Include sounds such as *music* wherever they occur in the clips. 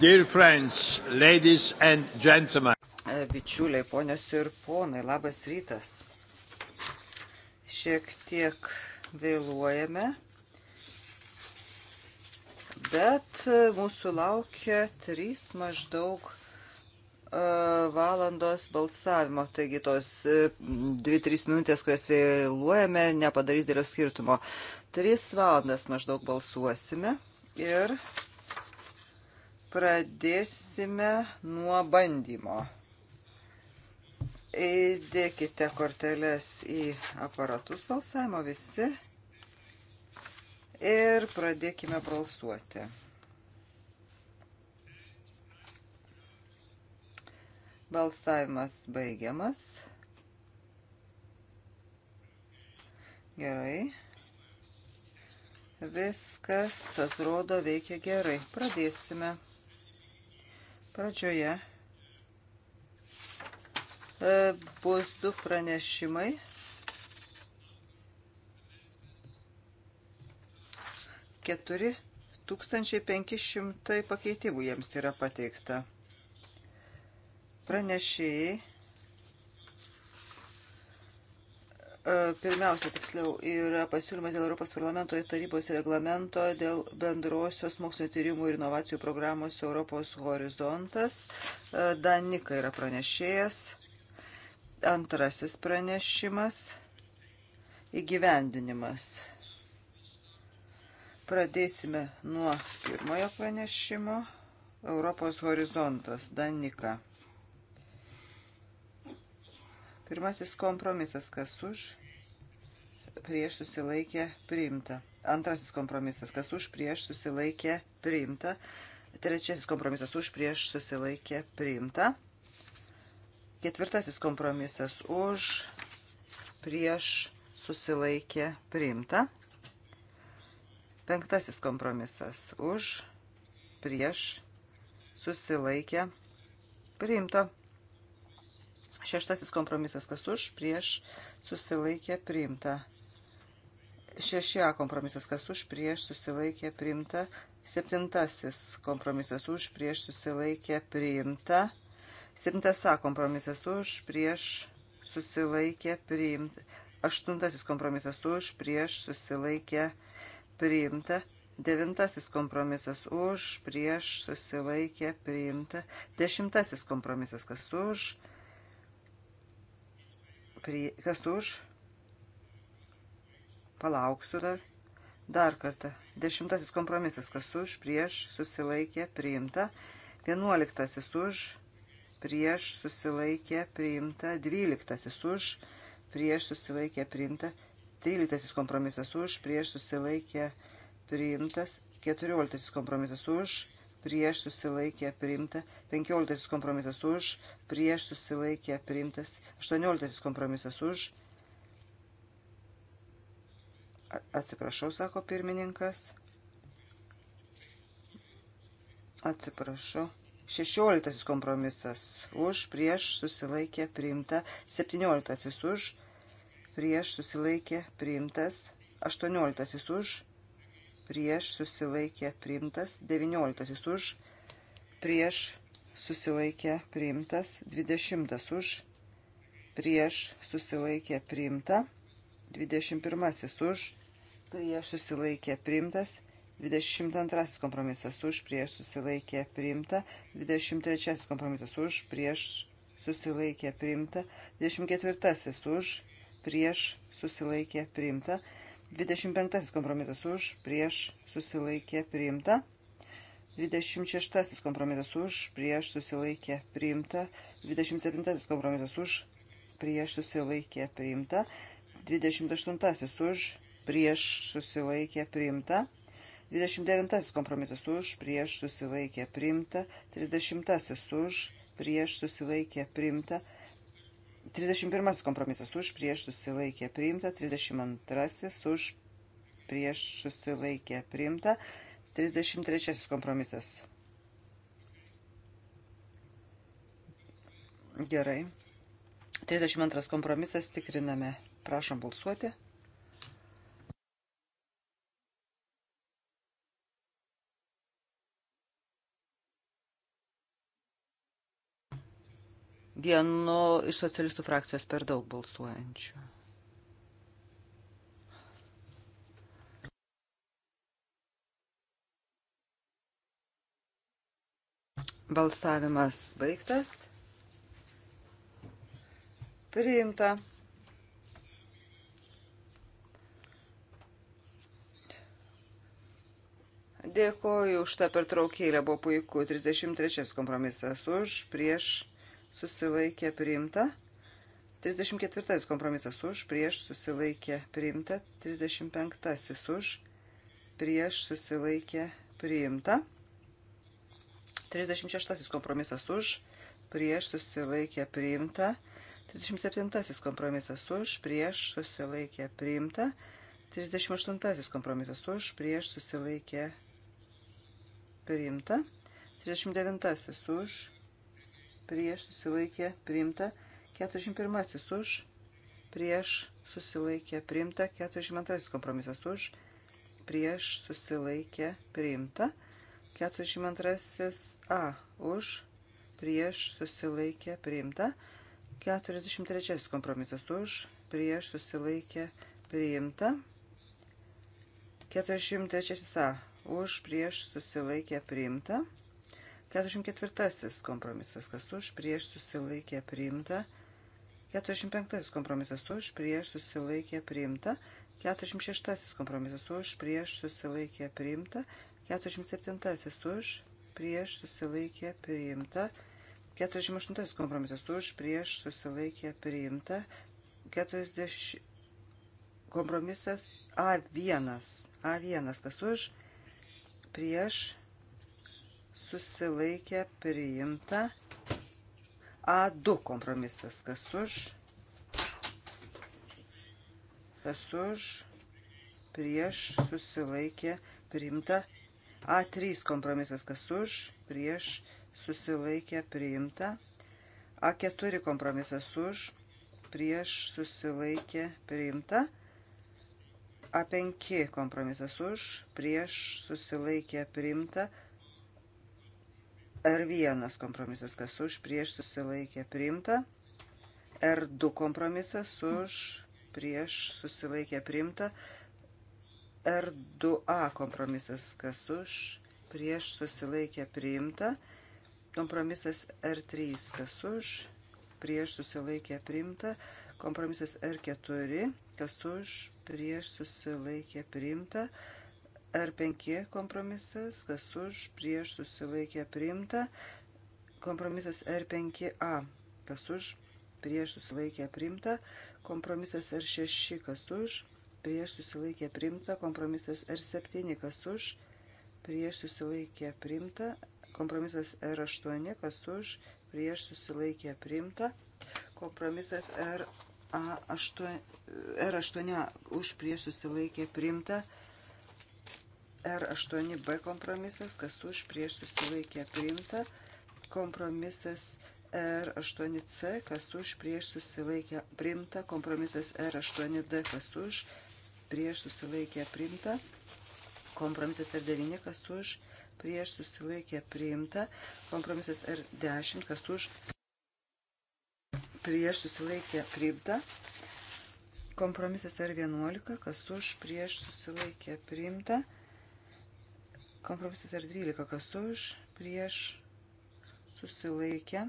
Dear friends, ladies and gentlemen. E, bičiuliai, ponios ir ponai, labas rytas. Šiek tiek vėluojame, bet e, mūsų laukia trys maždaug e, valandos balsavimo, taigi tos 2-3 minutės, kurias vėluojame, nepadarys dėlio skirtumo. 3 valandas maždaug balsuosime ir Pradėsime nuo bandymo. Įdėkite korteles į aparatus balsavimo visi ir pradėkime balsuoti. Balsavimas baigiamas. Gerai. Viskas atrodo veikia gerai. Pradėsime. Pradžioje e, bus du pranešimai. Keturi 1500 pakeitimų jiems yra pateikta. Pranešėjai E, pirmiausia, tiksliau, yra pasiūlymas dėl Europos parlamento ir tarybos reglamento dėl bendrosios mokslinio tyrimų ir inovacijų programos Europos horizontas. E, Danika yra pranešėjas. Antrasis pranešimas - įgyvendinimas. Pradėsime nuo pirmojo pranešimo - Europos horizontas. Danika. Pirmasis kompromisas, kas už, prieš susilaikė priimta. Antrasis kompromisas, kas už, prieš susilaikė priimta. Trečiasis kompromisas už, prieš susilaikė priimta. Ketvirtasis kompromisas už, prieš susilaikė priimta. Penktasis kompromisas už, prieš susilaikė priimta. Šeštasis kompromisas, kas už, prieš, susilaikė, priimta. Šešia kompromisas, kas už, prieš, susilaikė, priimta. Septintasis kompromisas už, prieš, susilaikė, priimta. Septintas A kompromisas už, prieš, susilaikė, priimta. Aštuntasis kompromisas už, prieš, susilaikė, priimta. Devintasis kompromisas už, prieš, susilaikė, priimta. Dešimtasis kompromisas, kas už, prie, kas už, palauksiu dar, dar kartą, dešimtasis kompromisas, kas už, prieš, susilaikė, priimta, vienuoliktasis už, prieš, susilaikė, priimta, dvyliktasis už, prieš, susilaikė, priimta, tryliktasis kompromisas už, prieš, susilaikė, priimtas, keturioliktasis kompromisas už, prieš, prieš susilaikė priimta, 15 kompromisas už, prieš susilaikė priimtas, 18 kompromisas už, atsiprašau, sako pirmininkas, atsiprašau, 16 kompromisas už, prieš susilaikė priimta, 17 už, prieš susilaikė priimtas, 18 už, prieš susilaikė priimtas, 19 už, prieš susilaikė priimtas, 20 už, prieš susilaikė priimta, 21 už, prieš susilaikė priimtas, 22 kompromisas už, prieš susilaikė priimta, 23 kompromisas už, prieš susilaikė priimta, 24 už, prieš susilaikė priimta, 25 25 kompromisas už, prieš susilaikė priimta. 26 kompromisas už, prieš susilaikė priimta. 27 kompromisas už, prieš susilaikė priimta. 28 už, prieš susilaikė priimta. 29 kompromisas už, prieš susilaikė priimta. 30 už, prieš susilaikė priimta. 31 31 kompromisas už prieš susilaikė priimta, 32 už prieš susilaikė priimta, 33 kompromisas. Gerai. 32 kompromisas tikriname. Prašom balsuoti. vienu iš socialistų frakcijos per daug balsuojančių. Balsavimas baigtas. Priimta. Dėkoju už tą pertraukėlę, buvo puiku. 33 kompromisas už, prieš susilaikė priimta. 34 kompromisas už, prieš susilaikė priimta. 35 už, prieš susilaikė priimta. 36 kompromisas už, prieš susilaikė priimta. 37 kompromisas už, prieš susilaikė priimta. 38 kompromisas už, prieš susilaikė priimta. 39 už, prieš susilaikė priimta, 41 už, prieš susilaikė priimta, 42 kompromisas už, prieš susilaikė priimta, 42 A už, prieš susilaikė priimta, 43 kompromisas už, prieš susilaikė priimta, 43 A už, prieš susilaikė priimta. 44 kompromisas, kas už, prieš susilaikė priimta. 45 kompromisas už, prieš susilaikė priimta. 46 kompromisas už, prieš susilaikė priimta. 47 už, prieš susilaikė priimta. 48 kompromisas už, prieš susilaikė priimta. 40 kompromisas A1. A1 kas už, prieš susilaikė priimta. A2 kompromisas, kas už, kas už, prieš, susilaikė priimta. A3 kompromisas, kas už, prieš, susilaikė priimta. A4 kompromisas už, prieš, susilaikė priimta. A5 kompromisas už, prieš, susilaikė priimta. A5 kompromisas už, prieš, susilaikė priimta. R1 kompromisas, kas už prieš susilaikė priimta. R2 kompromisas už prieš susilaikė priimta. R2A kompromisas, kas už prieš susilaikė priimta. Kompromisas R3, kas už prieš susilaikė priimta. Kompromisas R4, kas už prieš susilaikė priimta. Kompromisas R4, kas už prieš susilaikė priimta R5 kompromisas, kas už, prieš susilaikė priimta. Kompromisas R5A, kas už, prieš susilaikė priimta. Kompromisas R6, kas už, prieš susilaikė priimta. Kompromisas R7, kas už, prieš susilaikė priimta. Kompromisas R8, kas už, prieš susilaikė priimta. Kompromisas R8, R8 už, prieš susilaikė priimta. Kompromisas R8, R8B kompromisas, kas už prieš susilaikė priimta, kompromisas R8C, kas už prieš susilaikė priimta, kompromisas R8D, kas už prieš susilaikė priimta, kompromisas R9, kas už prieš susilaikė priimta, kompromisas R10, kas už prieš susilaikė priimta, kompromisas R11, kas už prieš susilaikė priimta, kompromisas R11, Kompromisas ar 12, kas už, prieš, susilaikę,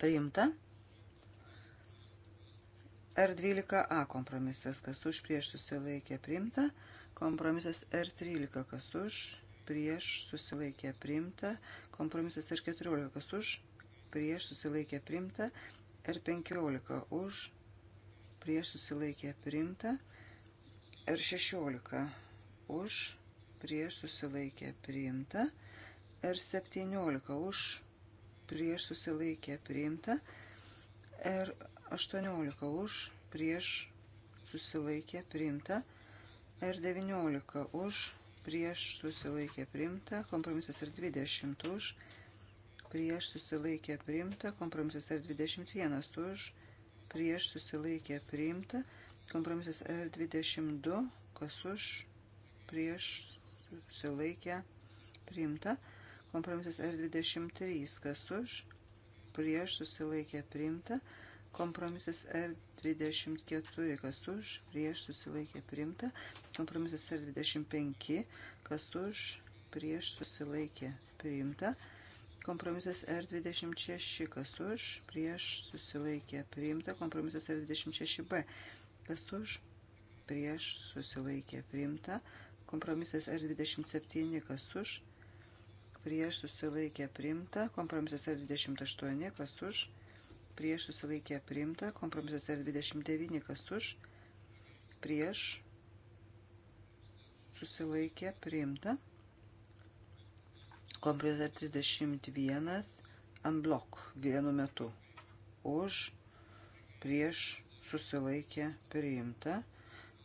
priimta. R12A kompromisas, kas už, prieš, susilaikė, priimta. Kompromisas R13, kas už, prieš, susilaikė, priimta. Kompromisas R14, kas už, prieš, susilaikė, priimta. R15 už, prieš, susilaikė, priimta. R16 už, prieš, susilaikė, priimta prieš susilaikė priimta. R17 už prieš susilaikė priimta. R18 už prieš susilaikė priimta. R19 už prieš susilaikė priimta. Kompromisas R20 už prieš susilaikė priimta. Kompromisas R21 už prieš susilaikė priimta. Kompromisas R22 kas už prieš susilaikė priimta. Kompromisas R23, kas už, prieš susilaikė priimta. Kompromisas R24, kas už, prieš susilaikė priimta. Kompromisas R25, kas už, prieš susilaikė priimta. Kompromisas R26, kas už, prieš susilaikė priimta. Kompromisas R26b, kas už, prieš susilaikė priimta. Kompromisas R27, kas už, prieš susilaikė primta. Kompromisas R28, kas už, prieš susilaikė primta. Kompromisas R29, kas už, prieš susilaikė primta. Kompromisas R31, amblok vienu metu. Už, prieš susilaikė priimta.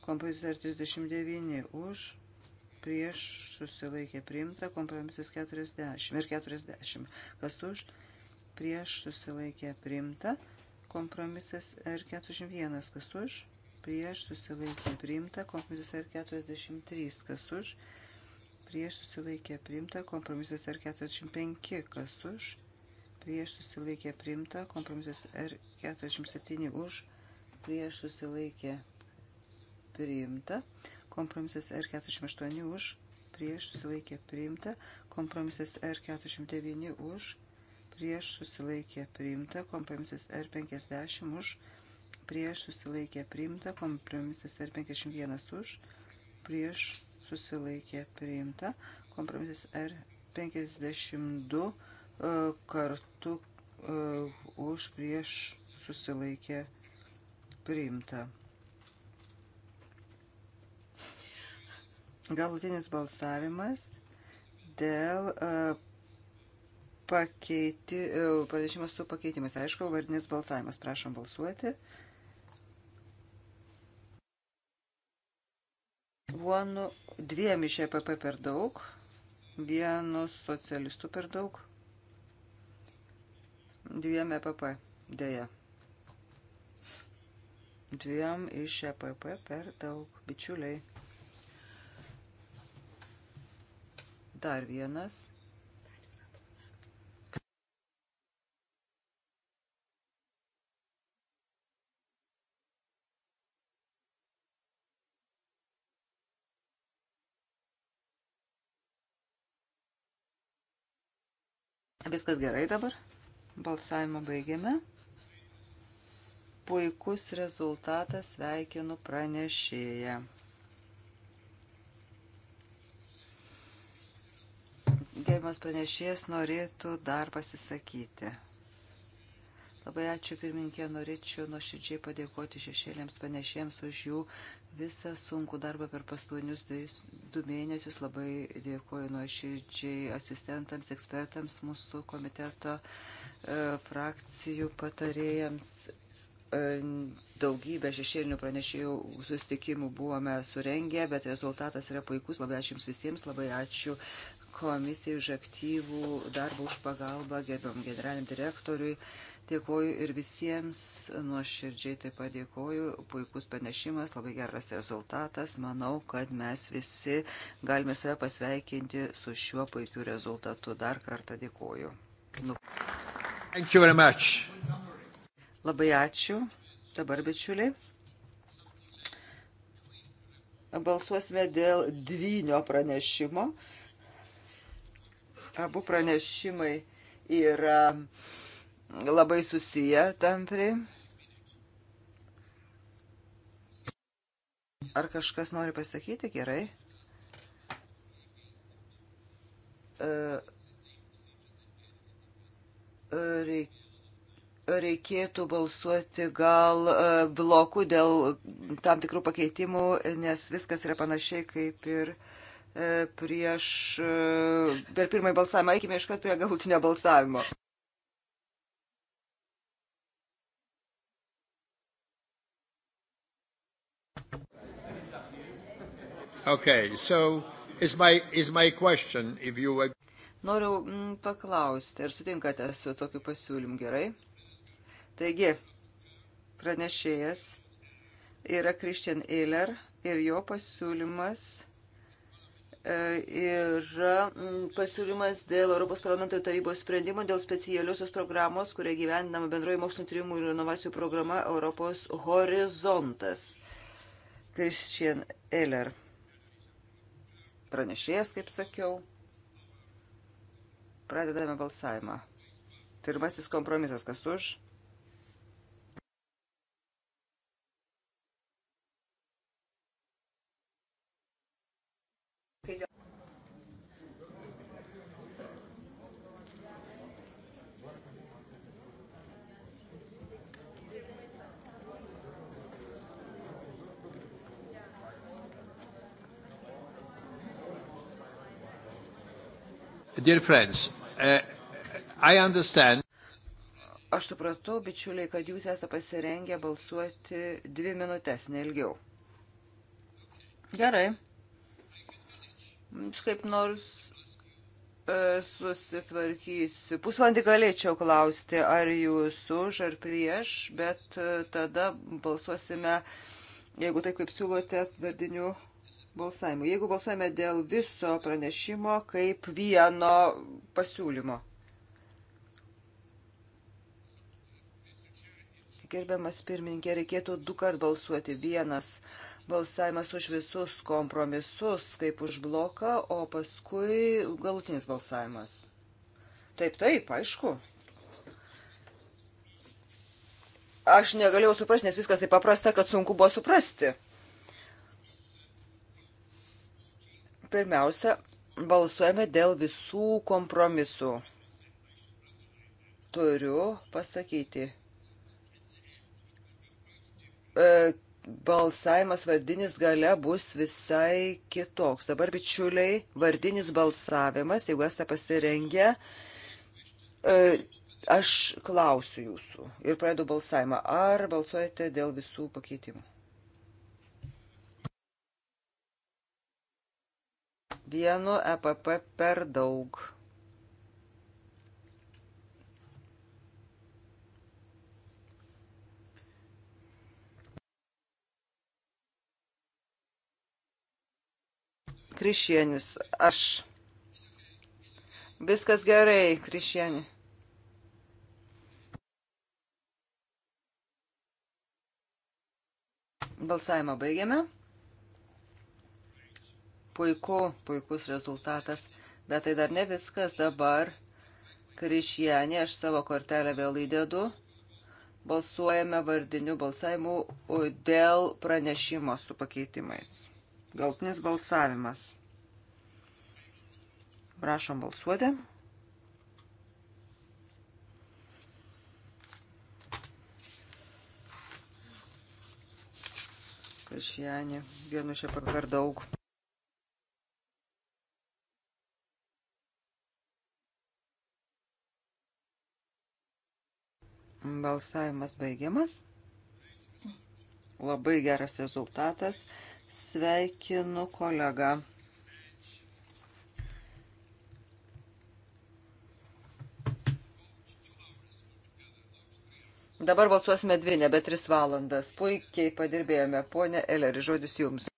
Kompozicija 39 už, prieš susilaikė priimta, kompromisas 40 ir 40. Kas už, prieš susilaikė priimta, kompromisas R41. Kas už, prieš susilaikė priimta, kompromisas R43. Kas už, prieš susilaikė priimta, kompromisas R45. Kas už, prieš susilaikė priimta, kompromisas R47 už, prieš susilaikė priimta. Kompromisas R48 už, prieš susilaikė priimta. Kompromisas R49 už, prieš susilaikė priimta. Kompromisas R50 už, prieš susilaikė priimta. Kompromisas R51 už, prieš susilaikė priimta. Kompromisas R52 kartu už prieš susilaikė priimta. galutinis balsavimas dėl e, pakeiti, e, pranešimas su pakeitimais. Aišku, vardinis balsavimas. Prašom balsuoti. Vienu, dviem iš EPP per daug, vienu socialistu per daug, dviem EPP, dėja. Dviem iš EPP per daug, bičiuliai. Dar vienas. Viskas gerai dabar. Balsavimą baigiame. Puikus rezultatas sveikinu pranešėję. gerbiamas pranešėjas norėtų dar pasisakyti. Labai ačiū pirminkė, norėčiau nuoširdžiai padėkoti šešėlėms panešėjams už jų visą sunkų darbą per pastaunius du mėnesius. Labai dėkoju nuoširdžiai asistentams, ekspertams, mūsų komiteto e, frakcijų patarėjams. E, daugybę šešėlinių pranešėjų susitikimų buvome surengę, bet rezultatas yra puikus. Labai ačiū Jums visiems, labai ačiū komisijai už aktyvų darbą, už pagalbą, gerbiam generaliniam direktoriui. Dėkoju ir visiems nuoširdžiai taip pat dėkoju. Puikus panešimas, labai geras rezultatas. Manau, kad mes visi galime save pasveikinti su šiuo puikiu rezultatu. Dar kartą dėkoju. Nu. Labai ačiū. Dabar, bičiuliai, balsuosime dėl dvynio pranešimo. Abu pranešimai yra labai susiję tampriai. Ar kažkas nori pasakyti gerai? E, e, reikėtų balsuoti gal e, blokų dėl tam tikrų pakeitimų, nes viskas yra panašiai kaip ir uh, E, prieš, e, per pirmąjį balsavimą, eikime iškart prie galutinio balsavimo. Okay, so is my, is my question, if you... Noriu mm, paklausti, ar sutinkate su tokiu pasiūlymu gerai? Taigi, pranešėjas yra Christian Eiler ir jo pasiūlymas E, yra mm, pasiūlymas dėl Europos parlamento tarybos sprendimo dėl specialiosios programos, kuria gyvendinama bendroji mokslinio tyrimų ir inovacijų programa Europos horizontas. Christian Eller. Pranešėjas, kaip sakiau. Pradedame balsavimą. Pirmasis kompromisas, kas už? Dear friends, uh, I understand. Aš supratau, bičiuliai, kad jūs esate pasirengę balsuoti dvi minutės, neilgiau. Gerai. Jums kaip nors e, susitvarkysiu. Pusvalandį galėčiau klausti, ar jūs už ar prieš, bet e, tada balsuosime, jeigu taip kaip siūlote, vardiniu balsavimu. Jeigu balsuojame dėl viso pranešimo kaip vieno pasiūlymo. Gerbiamas pirmininkė, reikėtų du kart balsuoti. Vienas balsavimas už visus kompromisus, kaip už bloką, o paskui galutinis balsavimas. Taip, taip, aišku. Aš negalėjau suprasti, nes viskas taip paprasta, kad sunku buvo suprasti. Pirmiausia, balsuojame dėl visų kompromisų. Turiu pasakyti. E, balsavimas vardinis gale bus visai kitoks. Dabar, bičiuliai, vardinis balsavimas, jeigu esate pasirengę, e, aš klausiu jūsų ir pradedu balsavimą. Ar balsuojate dėl visų pakeitimų? Vienu EPP per daug. Krišienis, aš. Viskas gerai, Krišienė. Balsavimą baigiame puiku, puikus rezultatas, bet tai dar ne viskas dabar. Krišienė, aš savo kortelę vėl įdedu. Balsuojame vardiniu balsavimu dėl pranešimo su pakeitimais. Galtinis balsavimas. Prašom balsuoti. Krišienė, vienu šią per daug. Balsavimas baigiamas. Labai geras rezultatas. Sveikinu kolegą. Dabar balsuosime dvi, nebe tris valandas. Puikiai padirbėjome. Pone Eleri, žodis jums.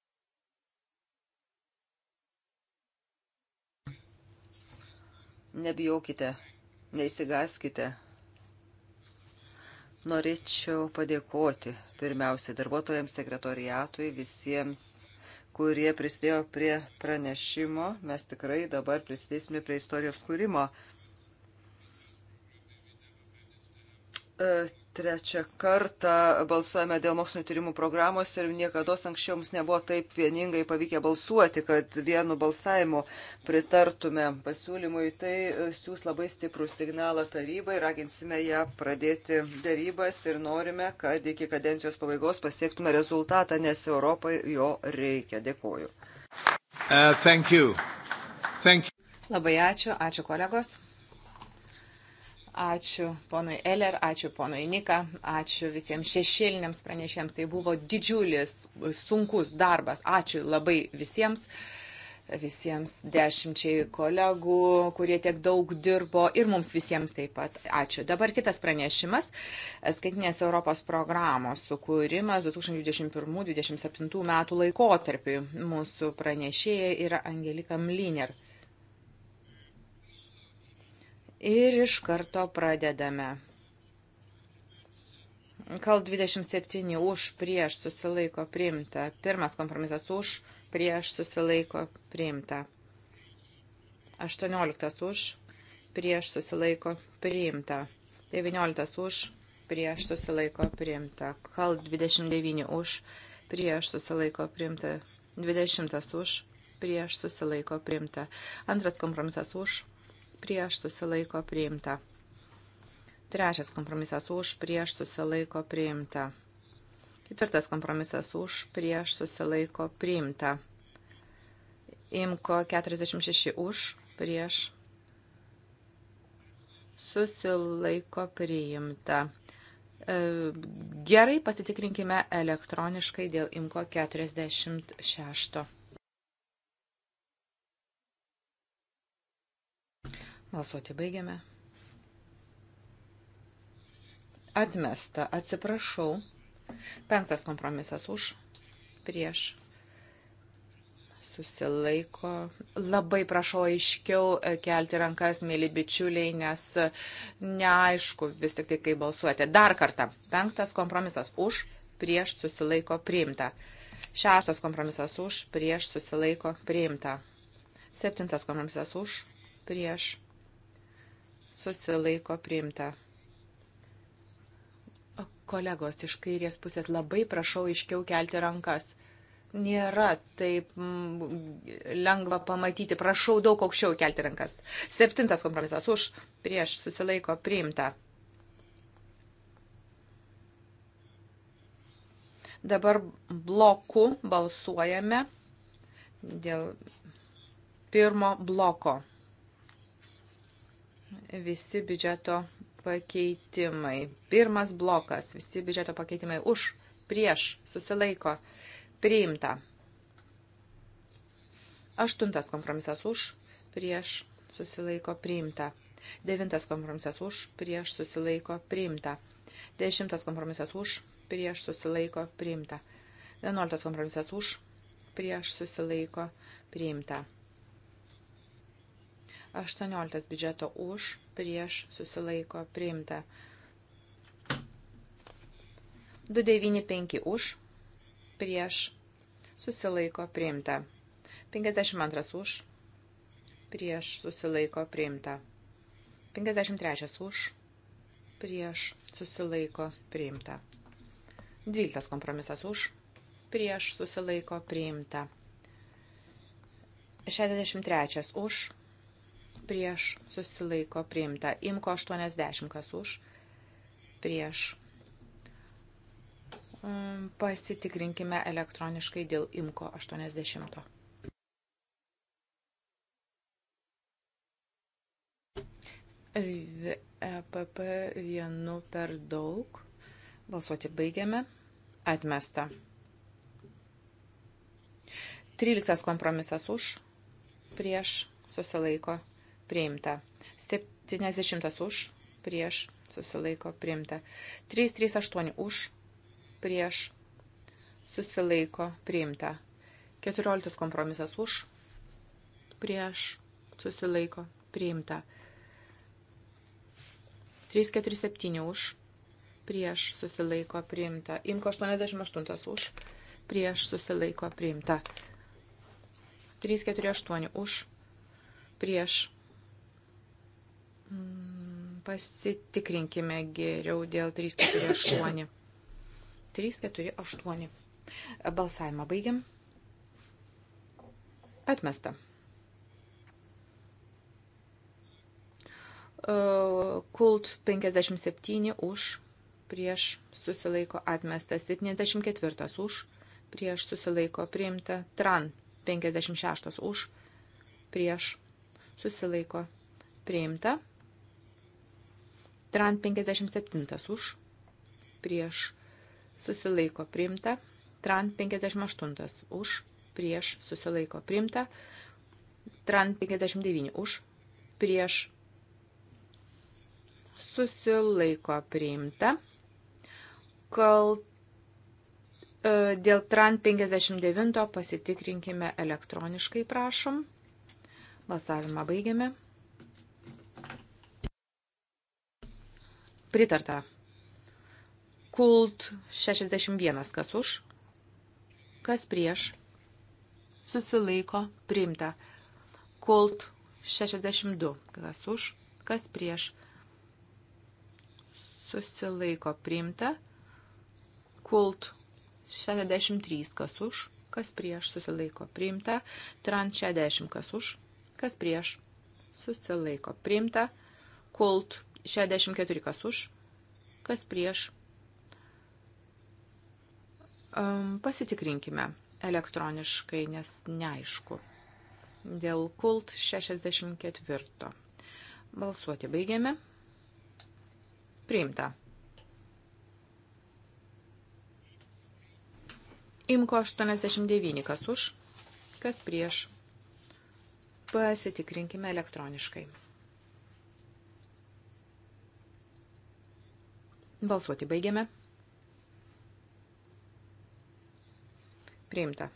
Nebijokite, neįsigaskite. Norėčiau padėkoti pirmiausiai darbuotojams, sekretoriatui, visiems, kurie prisidėjo prie pranešimo. Mes tikrai dabar prisidėsime prie istorijos kūrimo. E, trečią kartą balsuojame dėl mokslinio tyrimų programos ir niekada anksčiau mums nebuvo taip vieningai pavykę balsuoti, kad vienu balsavimu pritartume pasiūlymui. Tai e, siūs labai stiprų signalą tarybai, raginsime ją pradėti darybas ir norime, kad iki kadencijos pabaigos pasiektume rezultatą, nes Europai jo reikia. Dėkuoju. Uh, thank you. Thank you. Labai ačiū, ačiū kolegos. Ačiū ponui Eller, ačiū ponui Nika, ačiū visiems šešėliniams pranešėms. Tai buvo didžiulis, sunkus darbas. Ačiū labai visiems visiems dešimčiai kolegų, kurie tiek daug dirbo ir mums visiems taip pat. Ačiū. Dabar kitas pranešimas - skaitinės Europos programos sukūrimas 2021-2027 metų laikotarpiu. Mūsų pranešėja yra Angelika Mliner. Ir iš karto pradedame. Kal 27 už prieš susilaiko priimta. Pirmas kompromisas už prieš susilaiko priimta. 18 už prieš susilaiko priimta. 19 už prieš susilaiko priimta. Kal 29 už prieš susilaiko priimta. 20 už prieš susilaiko priimta. Antras kompromisas už prieš susilaiko priimta. Trečias kompromisas už prieš susilaiko priimta. Ketvirtas kompromisas už prieš susilaiko priimta. Imko 46 už prieš susilaiko priimta. E, gerai pasitikrinkime elektroniškai dėl Imko 46. Balsuoti baigiame. Atmesta, atsiprašau. Penktas kompromisas už, prieš. Susilaiko. Labai prašau aiškiau e, kelti rankas, mėly bičiuliai, nes e, neaišku vis tik tai, kai balsuojate. Dar kartą. Penktas kompromisas už, prieš susilaiko priimta. Šeštas kompromisas už, prieš susilaiko priimta. Septintas kompromisas už, prieš susilaiko priimta. Kolegos iš kairės pusės labai prašau iškiau kelti rankas. Nėra taip mm, lengva pamatyti. Prašau daug aukščiau kelti rankas. Septintas kompromisas už prieš susilaiko priimta. Dabar bloku balsuojame dėl pirmo bloko. Visi biudžeto pakeitimai. Pirmas blokas. Visi biudžeto pakeitimai už, prieš, susilaiko, priimta. Aštuntas kompromisas už, prieš, susilaiko, priimta. Devintas kompromisas už, prieš, susilaiko, priimta. Dešimtas kompromisas už, prieš, susilaiko, priimta. Vienuoltas kompromisas už, prieš, susilaiko, priimta. 18 biudžeto už, prieš, susilaiko, priimta. 295 už, prieš, susilaiko, priimta. 52 už, prieš, susilaiko, priimta. 53 už, prieš, susilaiko, priimta. 12 kompromisas už, prieš, susilaiko, priimta. 63 už, prieš susilaiko priimta. Imko 80 kas už prieš. Mm, pasitikrinkime elektroniškai dėl Imko 80. EPP vienu per daug. Balsuoti baigiame. Atmesta. 13 kompromisas už, prieš, susilaiko, priimta. 70 už, prieš, susilaiko, priimta. 338 už, prieš, susilaiko, priimta. 14 kompromisas už, prieš, susilaiko, priimta. 347 už, prieš, susilaiko, priimta. Imko 88 už, prieš, susilaiko, priimta. 348 už, prieš, Pasitikrinkime geriau dėl 348. 348. *coughs* Balsavimą baigiam. Atmesta. E, kult 57 už prieš susilaiko atmestas, 74 už, prieš susilaiko priimta, tran 56 už, prieš susilaiko priimta, Trant 57 už, prieš susilaiko primta. Trant 58 už, prieš susilaiko primta. Trant 59 už, prieš susilaiko priimta. Kal e, dėl TRAN 59 pasitikrinkime elektroniškai, prašom. Balsavimą baigiame. Pritarta. Kult 61. Kas už? Kas prieš? Susilaiko. Priimta. Kult 62. Kas už? Kas prieš? Susilaiko. Priimta. Kult 63. Kas už? Kas prieš? Susilaiko. Priimta. Trans 60. Kas už? Kas prieš? Susilaiko. Priimta. Kult 64 kas už, kas prieš. Um, pasitikrinkime elektroniškai, nes neaišku. Dėl kult 64. Balsuoti baigiame. Priimta. Imko 89 kas už, kas prieš. Pasitikrinkime elektroniškai. Balsuoti baigiame. Priimta.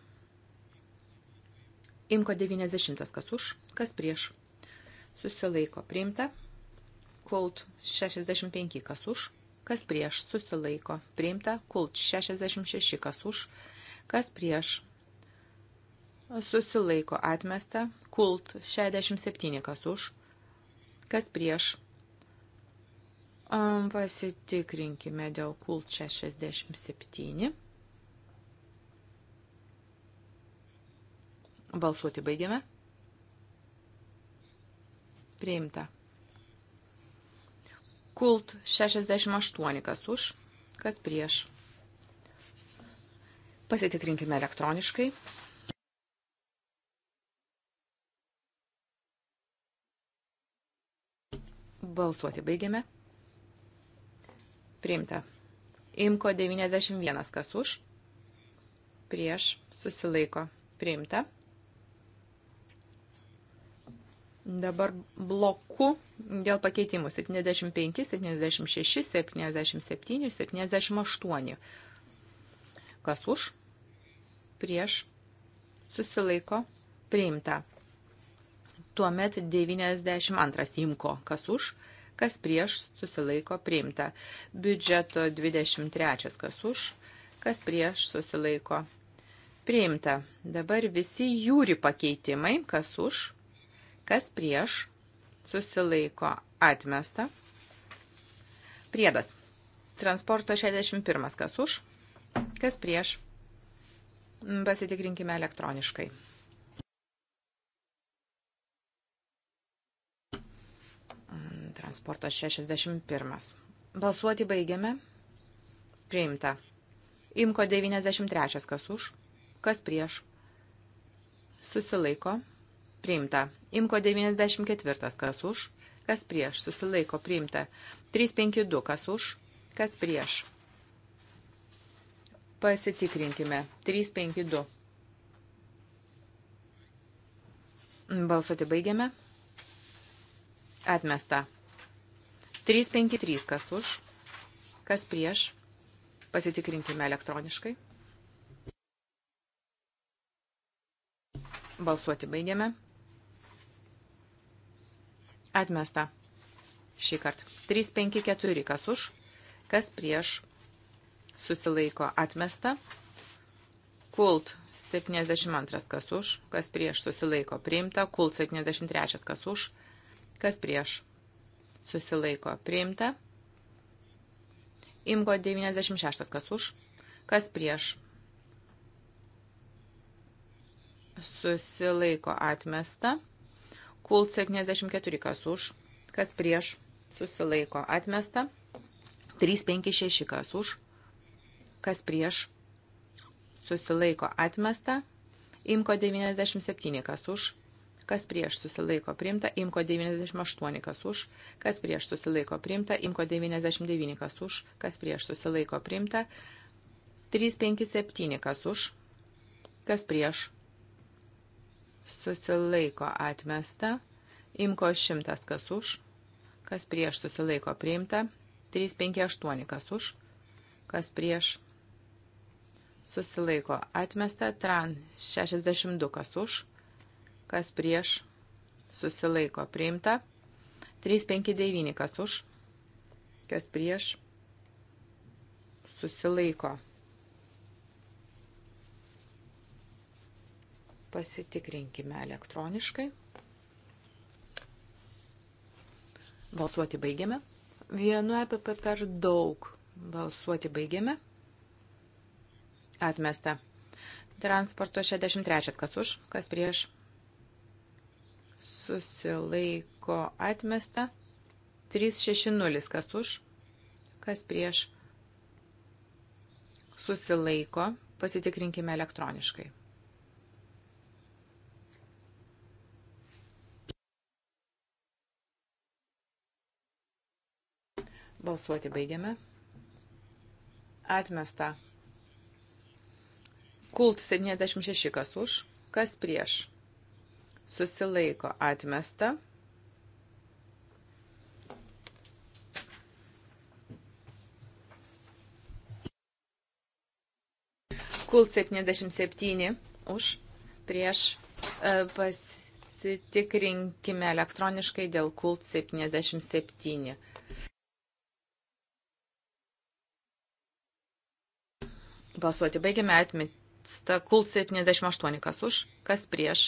Imko 90 kas už, kas prieš. Susilaiko priimta. Kult 65 kas už, kas prieš. Susilaiko priimta. Kult 66 kas už, kas prieš. Susilaiko atmesta. Kult 67 kas už, kas prieš Um, pasitikrinkime dėl kult 67. Balsuoti baigiame. Priimta. Kult 68, kas už, kas prieš. Pasitikrinkime elektroniškai. Balsuoti baigiame. Priimta. Imko 91. Kas už? Prieš. Susilaiko. Priimta. Dabar bloku dėl pakeitimų 75, 76, 77, 78. Kas už? Prieš. Susilaiko. Priimta. Tuomet 92 imko. Kas už? Prieš kas prieš susilaiko priimta. Biudžeto 23, kas už, kas prieš susilaiko priimta. Dabar visi jūri pakeitimai, kas už, kas prieš susilaiko atmesta. Priedas. Transporto 61, kas už, kas prieš. Pasitikrinkime elektroniškai. transportas 61. Balsuoti baigiame. Priimta. Imko 93. Kas už? Kas prieš? Susilaiko. Priimta. Imko 94. Kas už? Kas prieš? Susilaiko. Priimta. 352. Kas už? Kas prieš? Pasitikrinkime. 352. Balsuoti baigiame. Atmesta. 353, kas už, kas prieš, pasitikrinkime elektroniškai. Balsuoti baigiame. Atmesta. Šį kartą. 354, kas už, kas prieš, susilaiko atmesta. Kult 72, kas už, kas prieš, susilaiko priimta. Kult 73, kas už, kas prieš, susilaiko priimta. Imko 96 kas už, kas prieš susilaiko atmesta. Kult 74 kas už, kas prieš susilaiko atmesta. 356 kas už, kas prieš susilaiko atmesta. Imko 97 kas už, kas prieš susilaiko primta, imko 98 kas už, kas prieš susilaiko primta, imko 99 kas už, kas prieš susilaiko primta, 357 kas už, kas prieš susilaiko atmesta, imko 100 kas už, kas prieš susilaiko primta, 358 kas už, kas prieš susilaiko atmesta, tran 62 kas už, kas prieš susilaiko priimta. 359 kas už, kas prieš susilaiko. Pasitikrinkime elektroniškai. Balsuoti baigiame. Vienu EPP per daug. Balsuoti baigiame. Atmesta. Transporto 63. Kas už, kas prieš susilaiko atmesta. 360 kas už, kas prieš susilaiko, pasitikrinkime elektroniškai. Balsuoti baigiame. Atmesta. Kult 76 kas už, kas prieš susilaiko atmesta. Kult 77 už prieš e, pasitikrinkime elektroniškai dėl Kult 77. Balsuoti baigiame atmestą Kult 78, kas už, kas prieš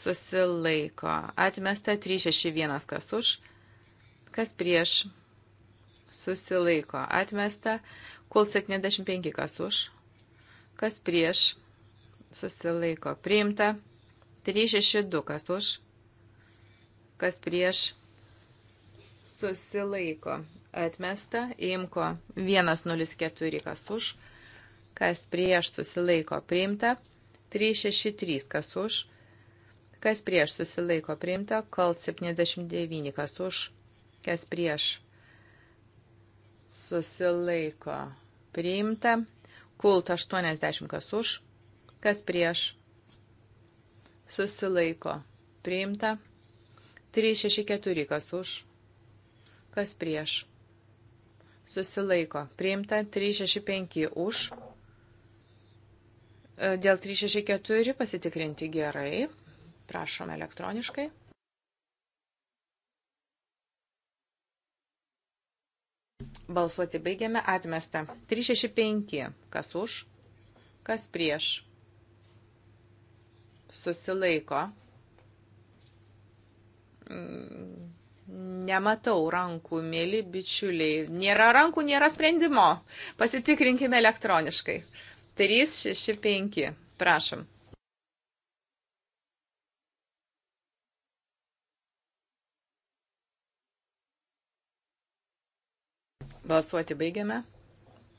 susilaiko. Atmesta 361, kas už, kas prieš, susilaiko. Atmesta kol 75, kas už, kas prieš, susilaiko. Priimta 362, kas už, kas prieš, susilaiko. Atmesta imko 104, kas už, kas prieš, susilaiko. Priimta 363, kas už, Kas prieš susilaiko priimta, kalt 79, kas už, kas prieš susilaiko priimta, kult 80, kas už, kas prieš susilaiko priimta, 364, kas už, kas prieš susilaiko priimta, 365 už, e, dėl 364 pasitikrinti gerai. Prašom elektroniškai. Balsuoti baigiame atmestą. 365. Kas už? Kas prieš? Susilaiko. Mm, nematau rankų, mėly bičiuliai. Nėra rankų, nėra sprendimo. Pasitikrinkime elektroniškai. 365. Prašom. Balsuoti baigiame.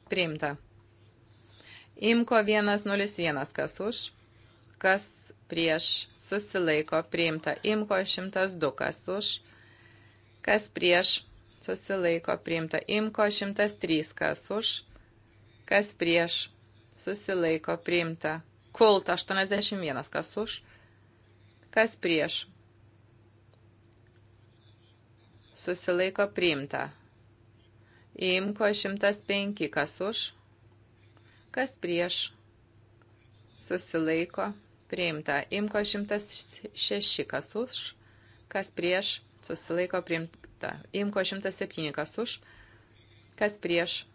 Priimta. Imko 101, kas už, kas prieš, susilaiko, priimta. Imko 102, kas už, kas prieš, susilaiko, priimta. Imko 103, kas už, kas prieš, susilaiko, priimta. Kult 81, kas už, kas prieš, susilaiko, priimta. Imko 105, kas už, kas prieš, susilaiko, priimta. Imko 106, kas už, kas prieš, susilaiko, priimta. Imko 107, kas už, kas prieš,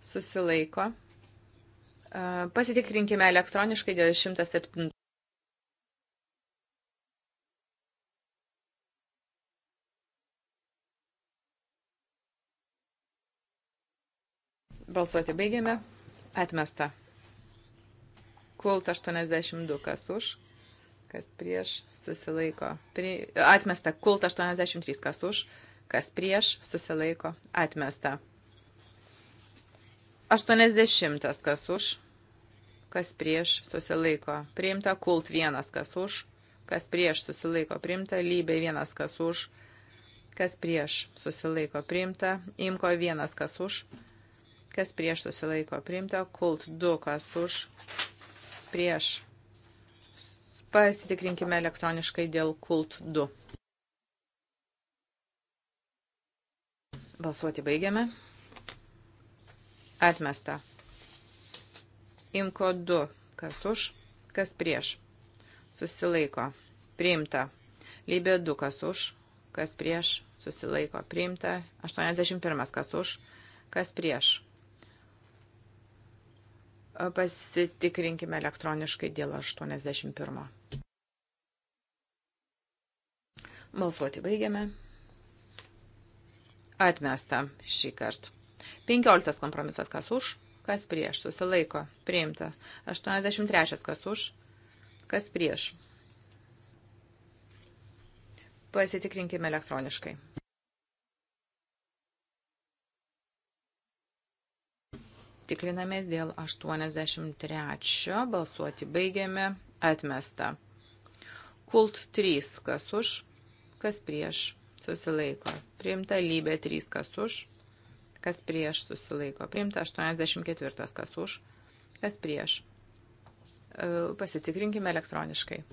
susilaiko. Pasitikrinkime elektroniškai dėl 107. Balsuoti baigėme. Atmesta. Kult 82, kas už, kas prieš, susilaiko. Pri... Atmesta. Kult 83, kas už, kas prieš, susilaiko. Atmesta. 80, kas už, kas prieš, susilaiko. Priimta. Kult 1, kas už, kas prieš, susilaiko. Priimta. Lybė 1, kas už, kas prieš, susilaiko. Priimta. Imko 1, kas už kas prieš susilaiko priimta, kult 2, kas už prieš. Pasitikrinkime elektroniškai dėl kult 2. Balsuoti baigiame. Atmesta. Imko 2, kas už, kas prieš. Susilaiko. Priimta. Lybė 2, kas už, kas prieš. Susilaiko. Priimta. 81, kas už, kas prieš Pasitikrinkime elektroniškai dėl 81. Balsuoti baigiame. Atmesta šį kartą. 15 kompromisas kas už, kas prieš, susilaiko, priimta. 83 kas už, kas prieš. Pasitikrinkime elektroniškai. Tikrinamės dėl 83. Balsuoti baigiame. Atmesta. Kult 3. Kas už? Kas prieš? Susilaiko. Priimta lybė 3. Kas už? Kas prieš? Susilaiko. Priimta 84. Kas už? Kas prieš? E, pasitikrinkime elektroniškai.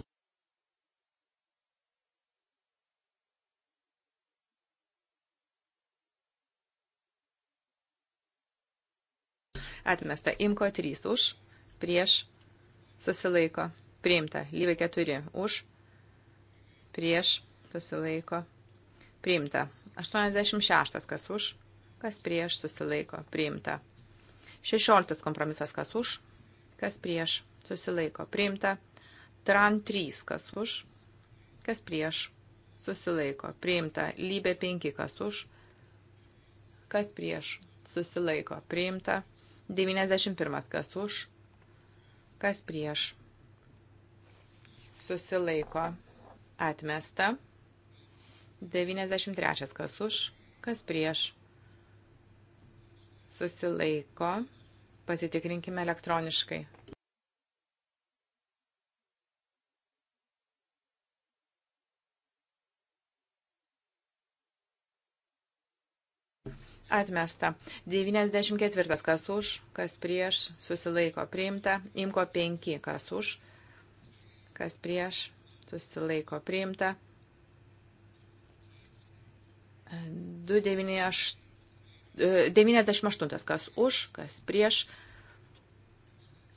Atmesta. Imko 3 už. Prieš. Susilaiko. Priimta. Lyvai 4 už. Prieš. Susilaiko. Priimta. 86 kas už. Kas prieš. Susilaiko. Priimta. 16 kompromisas kas už. Kas prieš. Susilaiko. Priimta. Tran 3 kas už. Kas prieš. Susilaiko. Priimta. Lybė 5 kas už. Kas prieš. Susilaiko. Priimta. 91. Kas už, kas prieš. Susilaiko atmesta. 93. Kas už, kas prieš. Susilaiko. Pasitikrinkime elektroniškai. Atmesta. 94. Kas už, kas prieš, susilaiko priimta. Imko 5. Kas už, kas prieš, susilaiko priimta. 298. E, kas už, kas prieš,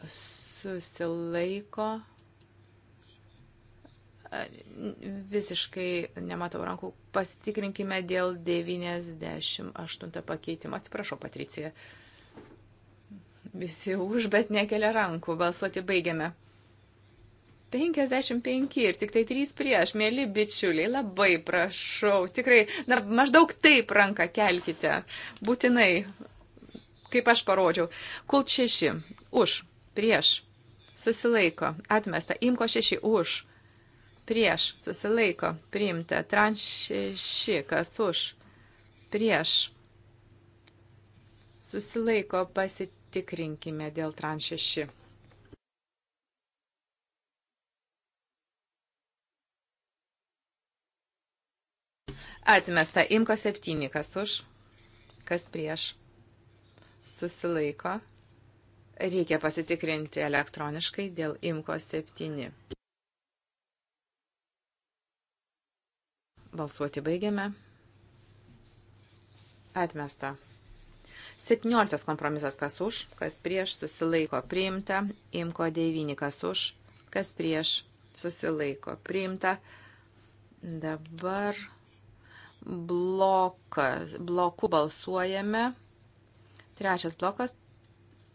susilaiko priimta visiškai nematau rankų. Pasitikrinkime dėl 98 pakeitimo. Atsiprašau, Patricija. Visi už, bet nekelia rankų. Balsuoti baigiame. 55 ir tik tai 3 prieš, mėly bičiuliai, labai prašau, tikrai, na, maždaug taip ranką kelkite, būtinai, kaip aš parodžiau. Kult 6, už, prieš, susilaiko, atmesta, imko 6, už, prieš, susilaiko, priimta. Trans šeši, kas už, prieš, susilaiko, pasitikrinkime dėl trans šeši. Atmesta, imko septyni, kas už, kas prieš, susilaiko. Reikia pasitikrinti elektroniškai dėl imko septyni. Balsuoti baigiame. Atmesta. 17 kompromisas kas už, kas prieš, susilaiko priimta. Imko 9 kas už, kas prieš, susilaiko priimta. Dabar bloką, blokų balsuojame. Trečias blokas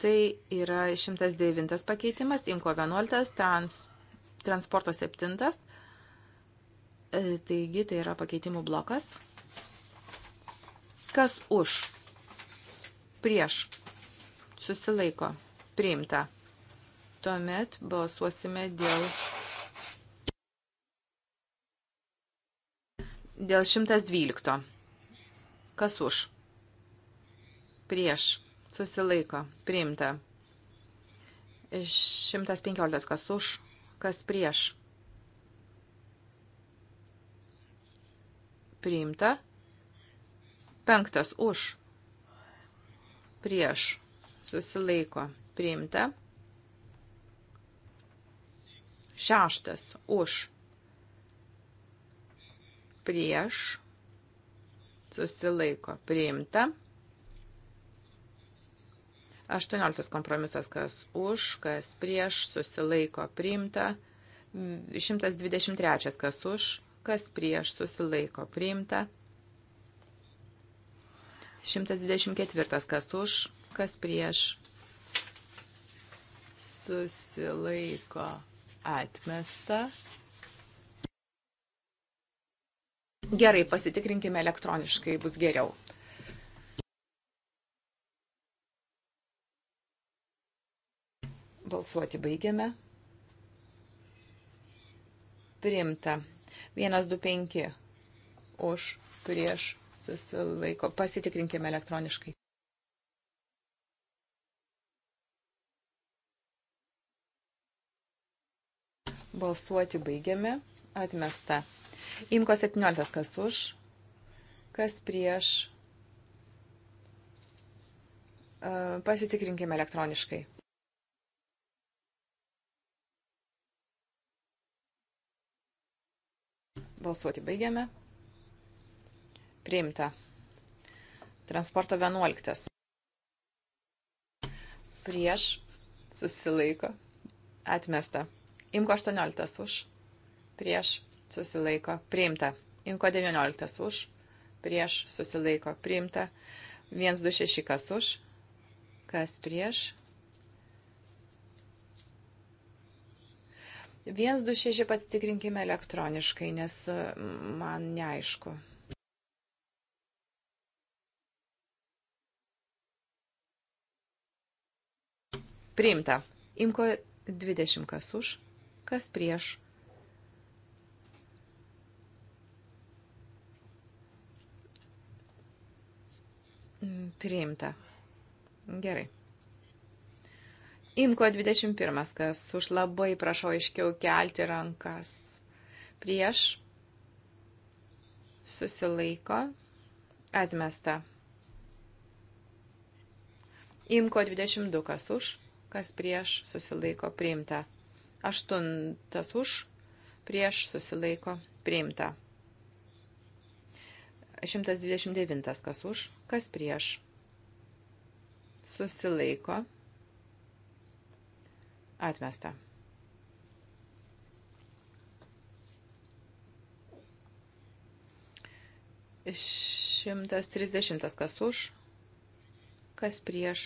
tai yra 109 pakeitimas, Imko 11, trans, transporto 7, E, taigi, tai yra pakeitimų blokas. Kas už? Prieš. Susilaiko. Priimta. Tuomet balsuosime dėl... Dėl 112. Kas už? Prieš. Susilaiko. Priimta. 115. Kas už? Kas prieš? priimta. Penktas už, prieš, susilaiko, priimta. Šeštas už, prieš, susilaiko, priimta. Aštuonioliktas kompromisas, kas už, kas prieš, susilaiko, priimta. 123, kas už, kas prieš susilaiko priimta. 124 kas už, kas prieš susilaiko atmesta. Gerai, pasitikrinkime elektroniškai, bus geriau. Balsuoti baigiame. Priimta. 125 už prieš susilaiko. Pasitikrinkime elektroniškai. Balsuoti baigiame. Atmesta. Imko 17 kas už, kas prieš. Pasitikrinkime elektroniškai. Balsuoti baigiame. Priimta. Transporto 11. Prieš susilaiko. Atmesta. Imko 18 už. Prieš susilaiko. Priimta. Imko 19 už. Prieš susilaiko. Priimta. 126 kas už. Kas prieš 126 pasitikrinkime elektroniškai, nes mm, man neaišku. Priimta. Imko 20 kas už, kas prieš. Mm, priimta. Gerai. Imko 21, kas už labai prašau aiškiau kelti rankas. Prieš susilaiko atmesta. Imko 22, kas už, kas prieš susilaiko priimta. Aštuntas už, prieš susilaiko priimta. 129, kas už, kas prieš susilaiko priimta Atmesta. Šimtas trisdešimtas kas už, kas prieš,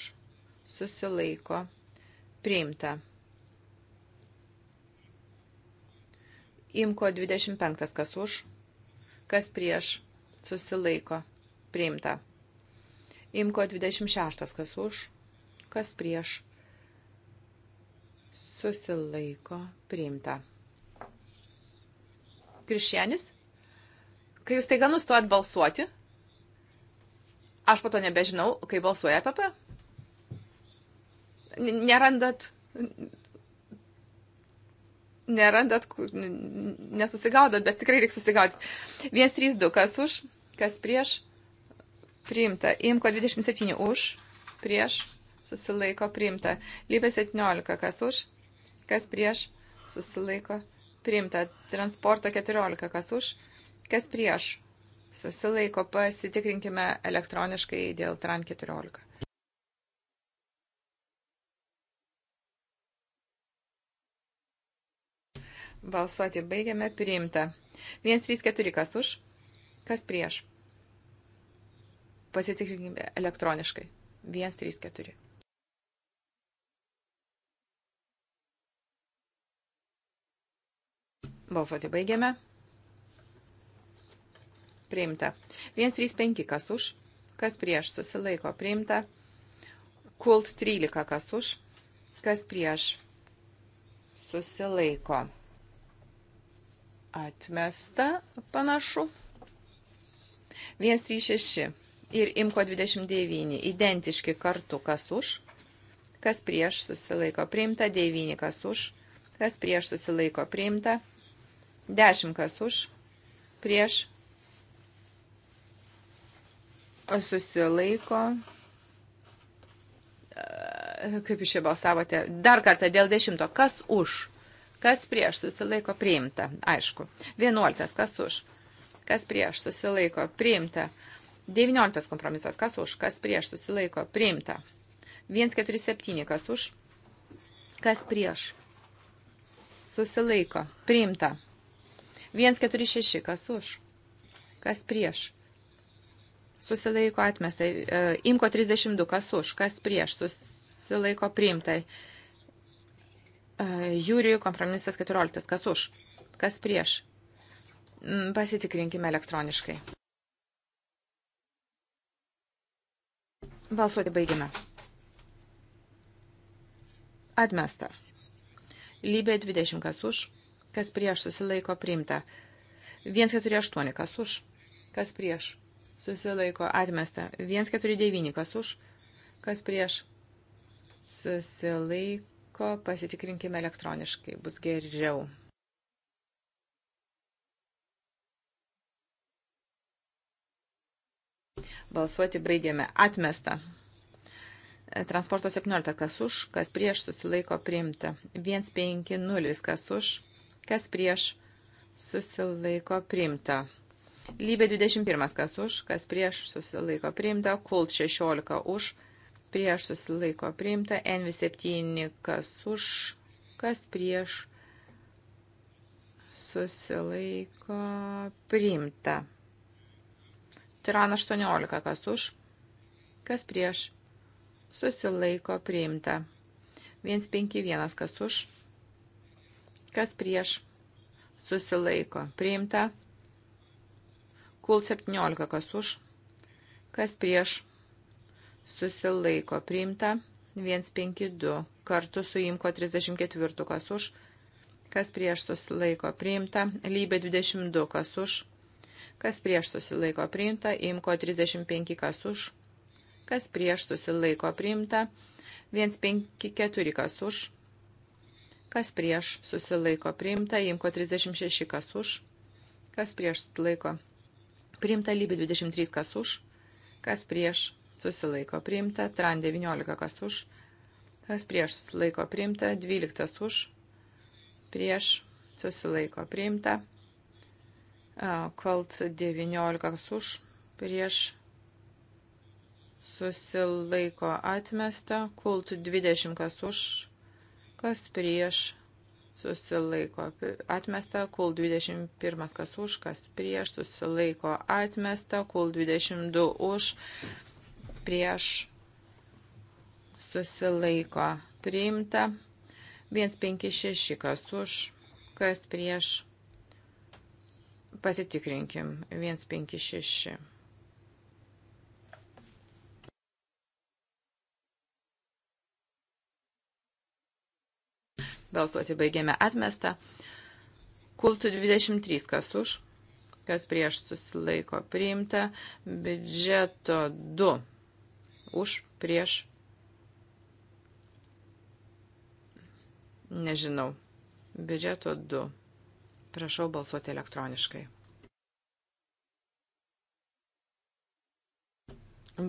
susilaiko, priimta. Imko 25 kas už, kas prieš, susilaiko, priimta. Imko 26 kas už, kas prieš, susilaiko priimta. Krišienis, kai jūs taiga nustojat balsuoti, aš pato nebežinau, kai balsuoja PP. E nerandat, nerandat, nesusigaudat, bet tikrai reikia susigaudyti. 132, kas už, kas prieš, priimta. Imko 27 už, prieš, susilaiko priimta. Lybė 17, kas už, kas prieš, susilaiko, priimta. Transporto 14, kas už, kas prieš, susilaiko, pasitikrinkime elektroniškai dėl TRAN 14. Balsuoti baigiame, priimta. 1, 3, 4, kas už, kas prieš. Pasitikrinkime elektroniškai. 1, 3, 4. Balsuoti baigiame. Priimta. 135 kas už, kas prieš susilaiko priimta. Kult 13 kas už, kas prieš susilaiko. Atmesta panašu. 136 ir imko 29 identiški kartu kas už, kas prieš susilaiko priimta, 9 kas už, kas prieš susilaiko priimta. 10 kas už, prieš, susilaiko, e, kaip jūs čia balsavote, dar kartą dėl 10, kas už, kas prieš, susilaiko, priimta, aišku, 11, kas už, kas prieš, susilaiko, priimta, 19 kompromisas, kas už, kas prieš, susilaiko, priimta, 147, kas už, kas prieš, susilaiko, priimta. 146, kas už, kas prieš. Susilaiko atmestai. E, Imko 32, kas už, kas prieš. Susilaiko priimtai. E, Jūrijų kompromisas 14, kas už, kas prieš. Mm, pasitikrinkime elektroniškai. Balsuoti baigime. Atmesta. Lybė 20 kas už, kas prieš susilaiko priimta. 148 kas už, kas prieš susilaiko atmesta. 149 kas už, kas prieš susilaiko, pasitikrinkime elektroniškai, bus geriau. Balsuoti baigėme atmestą. Transporto 17 kas už, kas prieš susilaiko priimta. 150 kas už, kas prieš susilaiko primta. Lybė 21, kas už, kas prieš susilaiko primta, kult 16 už, prieš susilaiko primta, NV7, kas už, kas prieš susilaiko primta. Tiran 18, kas už, kas prieš susilaiko primta. 151, kas už, Kas prieš? Susilaiko. Priimta. Kult 17. Kas už? Kas prieš? Susilaiko. Priimta. 152. Kartu su Imko 34. Kas už? Kas prieš susilaiko priimta? Lybė 22. Kas už? Kas prieš susilaiko priimta? Imko 35. Kas už? Kas prieš susilaiko priimta? 154. Kas už? kas prieš susilaiko priimta, imko 36 kas už, kas prieš susilaiko priimta, lybė 23 kas už, kas prieš susilaiko priimta, tran 19 kas už, kas prieš susilaiko priimta, 12 už, prieš susilaiko priimta, kalt 19 kas už, prieš susilaiko atmesta, kult 20 kas už, kas prieš susilaiko atmesta, kul 21 kas už, kas prieš susilaiko atmesta, kul 22 už, prieš susilaiko priimta, 156 kas už, kas prieš pasitikrinkim, 156. Balsuoti baigėme atmestą. Kultų 23, kas už, kas prieš susilaiko priimta. Biudžeto 2, už, prieš. Nežinau. Biudžeto 2. Prašau balsuoti elektroniškai.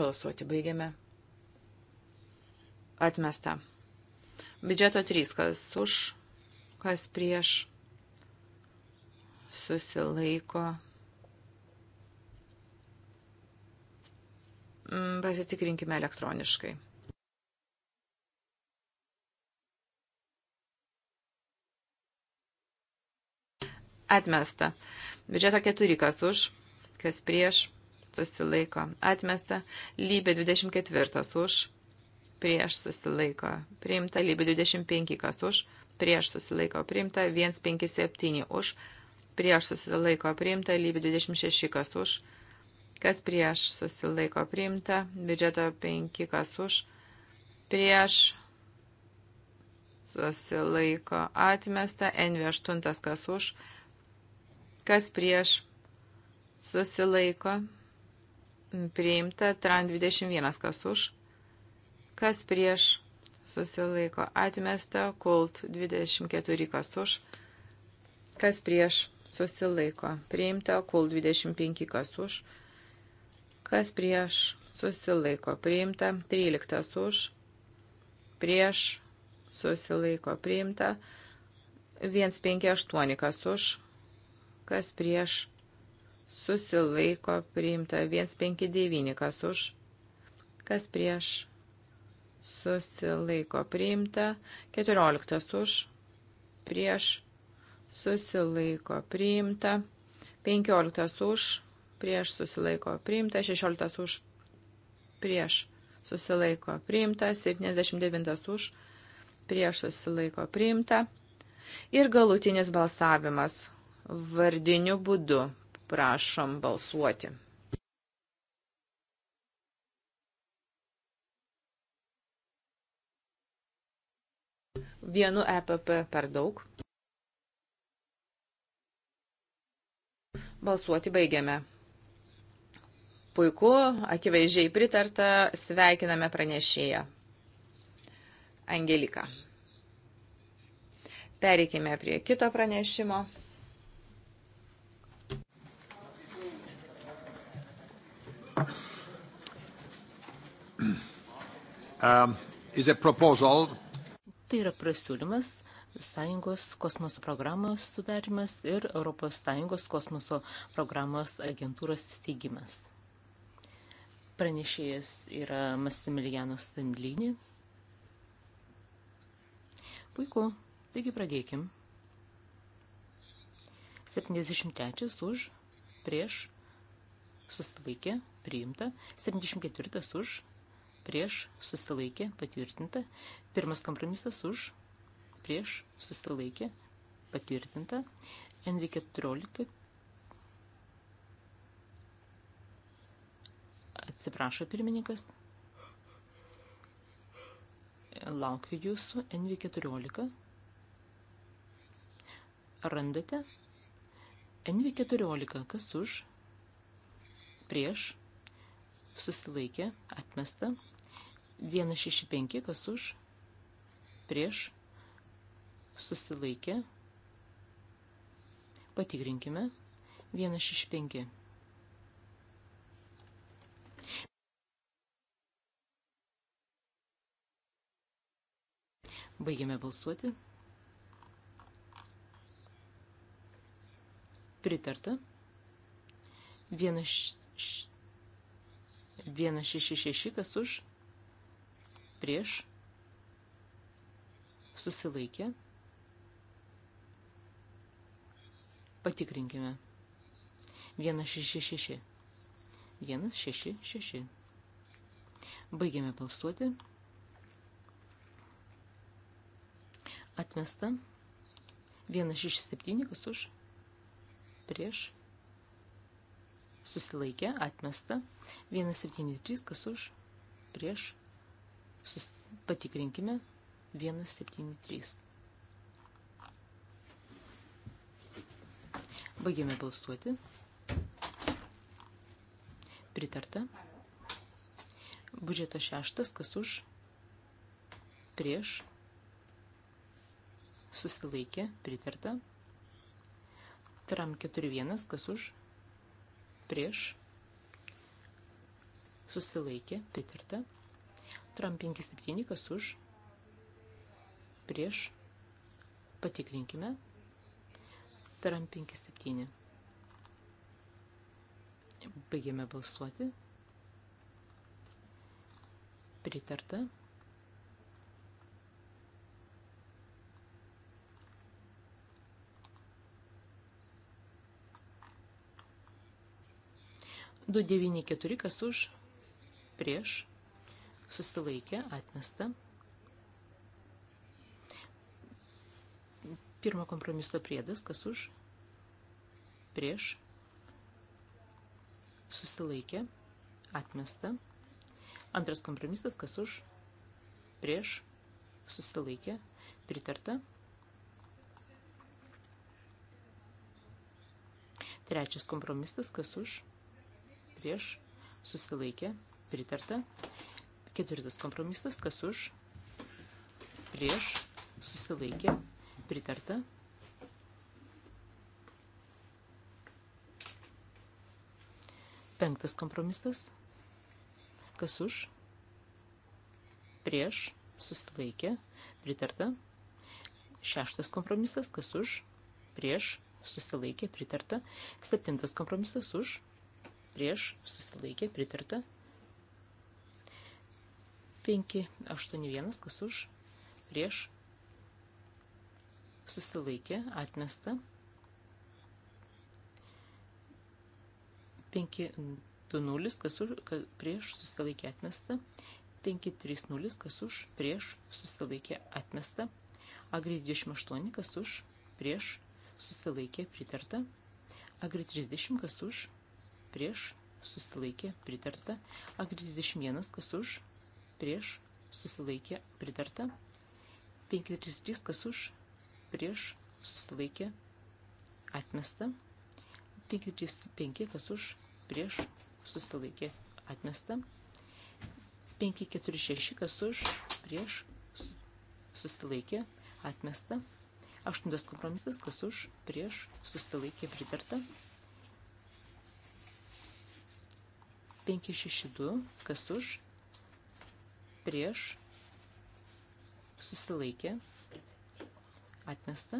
Balsuoti baigiame. Atmesta. Biudžeto 3, kas už, kas prieš, susilaiko. Mm, pasitikrinkime elektroniškai. Atmesta. Biudžeto 4, kas už, kas prieš, susilaiko. Atmesta. Lybė 24 už prieš susilaiko priimta, lybė 25 kas už, prieš susilaiko priimta, 157 už, prieš susilaiko priimta, lybė 26 kas už, kas prieš susilaiko priimta, biudžeto 5 kas už, prieš susilaiko atmesta, NV8 kas už, kas prieš susilaiko priimta, TRAN 21 kas už kas prieš susilaiko atmesta, kult 24 kas už, kas prieš susilaiko priimta, kult 25 kas už, kas prieš susilaiko priimta, 13 už, prieš susilaiko priimta, 158 kas už, kas prieš susilaiko priimta, 159 kas už, kas prieš susilaiko priimta, 14 už, prieš, susilaiko priimta, 15 už, prieš, susilaiko priimta, 16 už, prieš, susilaiko priimta, 79 už, prieš, susilaiko priimta. Ir galutinis balsavimas vardiniu būdu. Prašom balsuoti. vienu EPP per daug. Balsuoti baigiame. Puiku, akivaizdžiai pritarta, sveikiname pranešėją. Angelika. Pereikime prie kito pranešimo. Um, is a proposal Tai yra pasiūlymas Sąjungos kosmoso programos sudarimas ir Europos Sąjungos kosmoso programos agentūros įsteigimas. Pranešėjas yra Masimilianas Samlini. Puiku, taigi pradėkim. 73 už, prieš, susilaikė, priimta, 74 už, prieš, susilaikė, patvirtinta. Pirmas kompromisas už, prieš, susilaikė, patvirtinta. NV14 atsiprašo pirmininkas. Laukiu jūsų NV14. Randate? NV14, kas už, prieš, susilaikė, atmesta. 165, kas už, prieš, susilaikė. Patikrinkime. 165. Baigiame balsuoti. Pritarta. 166, kas už, prieš, susilaikė. Patikrinkime. 166. 166. Baigiame balsuoti. Atmesta. 167, kas už, prieš, susilaikė, atmesta. 173, kas už, prieš, Sus, patikrinkime. 173. Baigėme balsuoti. Pritarta. Budžeto šeštas, kas už, prieš, susilaikė, pritarta. Tram 41, kas už, prieš, susilaikė, pritarta. Tram 57, kas už, prieš, patikrinkime. Tram 57. Baigėme balsuoti. Pritarta. Du devyni keturi, kas už, prieš, susilaikė, atmesta. Pirmo kompromiso priedas, kas už, prieš, susilaikė, atmesta. Antras kompromisas, kas už, prieš, susilaikė, pritarta. Trečias kompromisas, kas už, prieš, susilaikė, pritarta. Ketvirtas kompromisas, kas už, prieš, susilaikė, pritarta. Penktas kompromisas, kas už, prieš, susilaikė, pritarta. Šeštas kompromisas, kas už, prieš, susilaikė, pritarta. Septintas kompromisas už, prieš, susilaikė, pritarta. 581, kas už, prieš, susilaikė, atmesta. 520, kas už, kas, prieš, susilaikė, atmesta. 530, kas už, prieš, susilaikė, atmesta. Agri 28, kas už, prieš, susilaikė, pritarta. Agri 30, kas už, prieš, susilaikė, pritarta. Agri 21, kas už, prieš, prieš, susilaikė, pritarta. 533 kas už, prieš, susilaikė, atmesta. 535 kas už, prieš, susilaikė, atmesta. 546 kas už, prieš, susilaikė, atmesta. Aštuntas kompromisas, kas už, prieš, susilaikė, pritarta. 562, kas už, prieš, susilaikė, atmesta,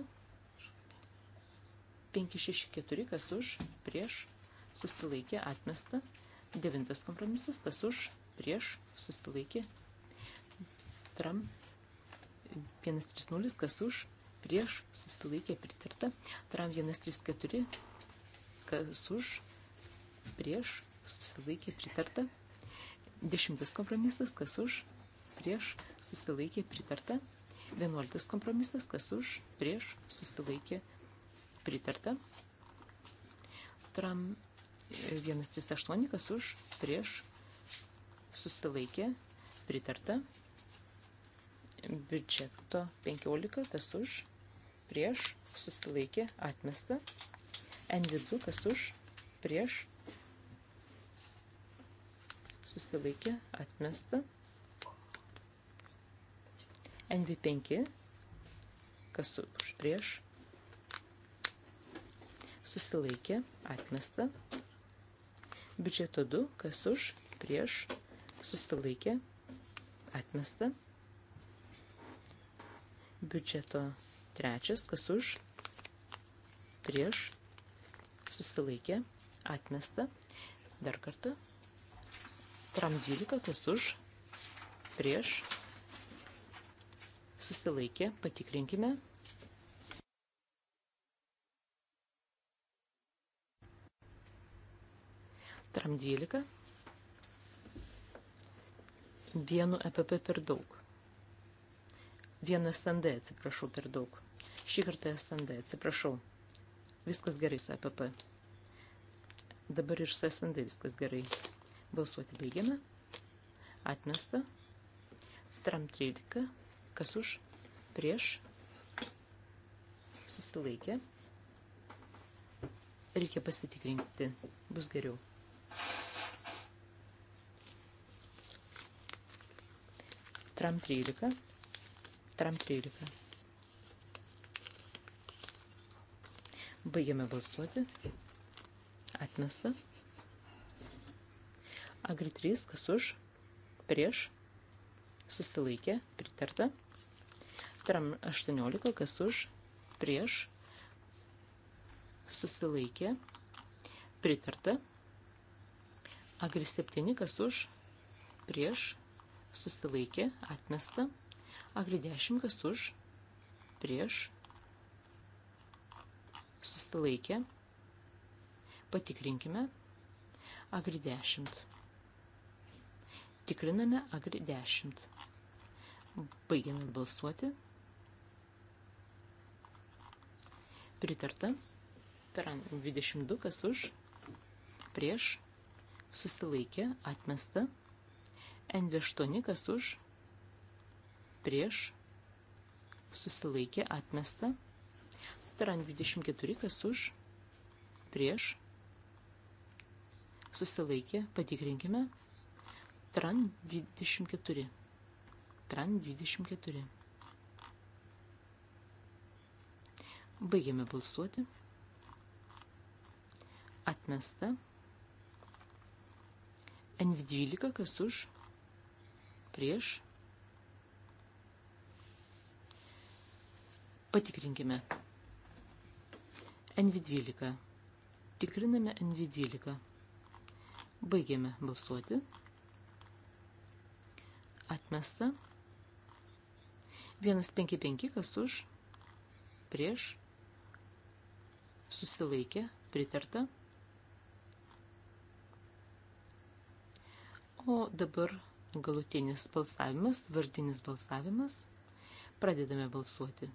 564, kas už, prieš, susilaikė, atmesta, 9 kompromisas, kas už, prieš, susilaikė, tram, 130, kas už, prieš, susilaikė, pritarta, tram 134, kas už, prieš, susilaikė, pritarta, 10 kompromisas, kas už, prieš, susilaikė, pritarta. 11 kompromisas, kas už, prieš, susilaikė, pritarta. Tram 138, e, kas už, prieš, susilaikė, pritarta. Biudžeto 15, kas už, prieš, susilaikė, atmesta. NV2, kas už, prieš, susilaikė, atmesta. NV5, kas už prieš, susilaikė, atmesta. Biudžeto 2, kas už, prieš, susilaikė, atmesta. Biudžeto 3, kas už, prieš, susilaikė, atmesta. Dar kartą. Tram 12, kas už, prieš, susilaikė susilaikė, patikrinkime. Tram 12. Vienu EPP per daug. Vienu SND atsiprašau per daug. Šį kartą SND atsiprašau. Viskas gerai su EPP. Dabar ir su SND viskas gerai. Balsuoti baigiame. Atmesta. Tram 13 Kas už? Prieš. Susilaikė. Reikia pasitikrinti. Bus geriau. Tram 13. Tram 13. Baigiame balsuoti. Atmesta. Agri 3, kas už, prieš, susilaikė, pritarta. Tram 18, kas už, prieš, susilaikė, pritarta. Agri 7, kas už, prieš, susilaikė, atmesta. Agri 10, kas už, prieš, susilaikė. Patikrinkime. Agri 10. Tikriname Agri 10. Baigiame balsuoti. Pritarta. Taran 22, kas už, prieš, susilaikė, atmesta. N28, kas už, prieš, susilaikė, atmesta. Taran 24, kas už, prieš, susilaikė, patikrinkime. Tran 24 tran 24. Baigiame balsuoti. Atmesta. NV12, kas už, prieš. Patikrinkime. NV12. Tikriname NV12. Baigiame balsuoti. Atmesta. 155, kas už, prieš, susilaikė, pritarta. O dabar galutinis balsavimas, vardinis balsavimas. Pradedame balsuoti.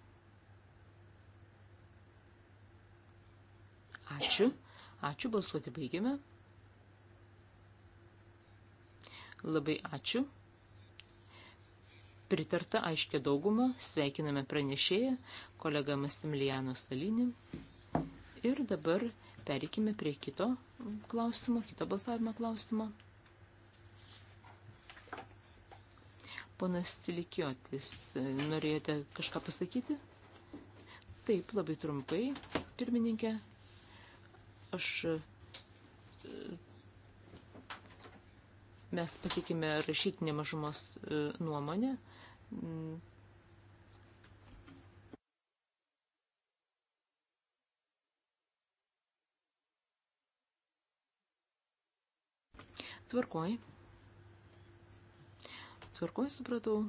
Ačiū. Ačiū, balsuoti baigiame. Labai ačiū pritarta aiškia dauguma, sveikiname pranešėją, kolegą Masimiliano Salinį. Ir dabar pereikime prie kito klausimo, kito balsavimo klausimo. Ponas Silikiotis, norėjote kažką pasakyti? Taip, labai trumpai, pirmininkė. Aš e, mes patikime rašytinę mažumos e, nuomonę Mm. Tvarkoj. Tvarkoj, supratau.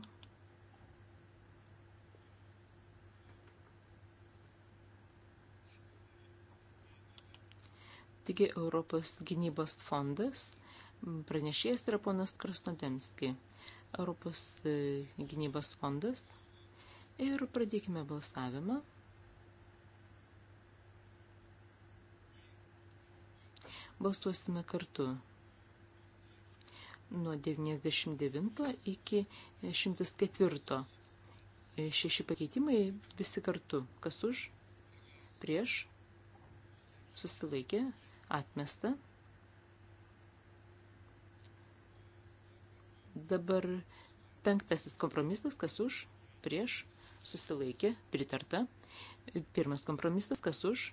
Taigi Europos gynybos fondas pranešėjas yra ponas Krasnodemski. Europos e, gynybos fondas. Ir pradėkime balsavimą. Balsuosime kartu nuo 99 iki 104. E, šeši pakeitimai visi kartu. Kas už? Prieš? Susilaikė? Atmesta? Dabar penktasis kompromisas, kas už, prieš, susilaikė, pritarta. Pirmas kompromisas, kas už,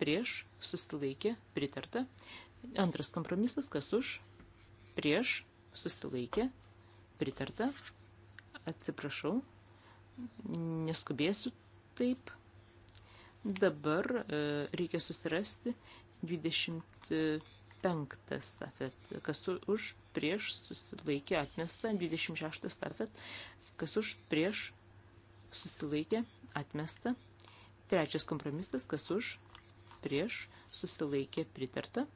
prieš, susilaikė, pritarta. Antras kompromisas, kas už, prieš, susilaikė, pritarta. Atsiprašau, neskubėsiu taip. Dabar e, reikia susirasti 25 safet, kas už, prieš, susilaikė, atmesta, 26 startas, kas už, prieš, susilaikė, atmesta, trečias kompromisas, kas už, prieš, susilaikė, pritarta,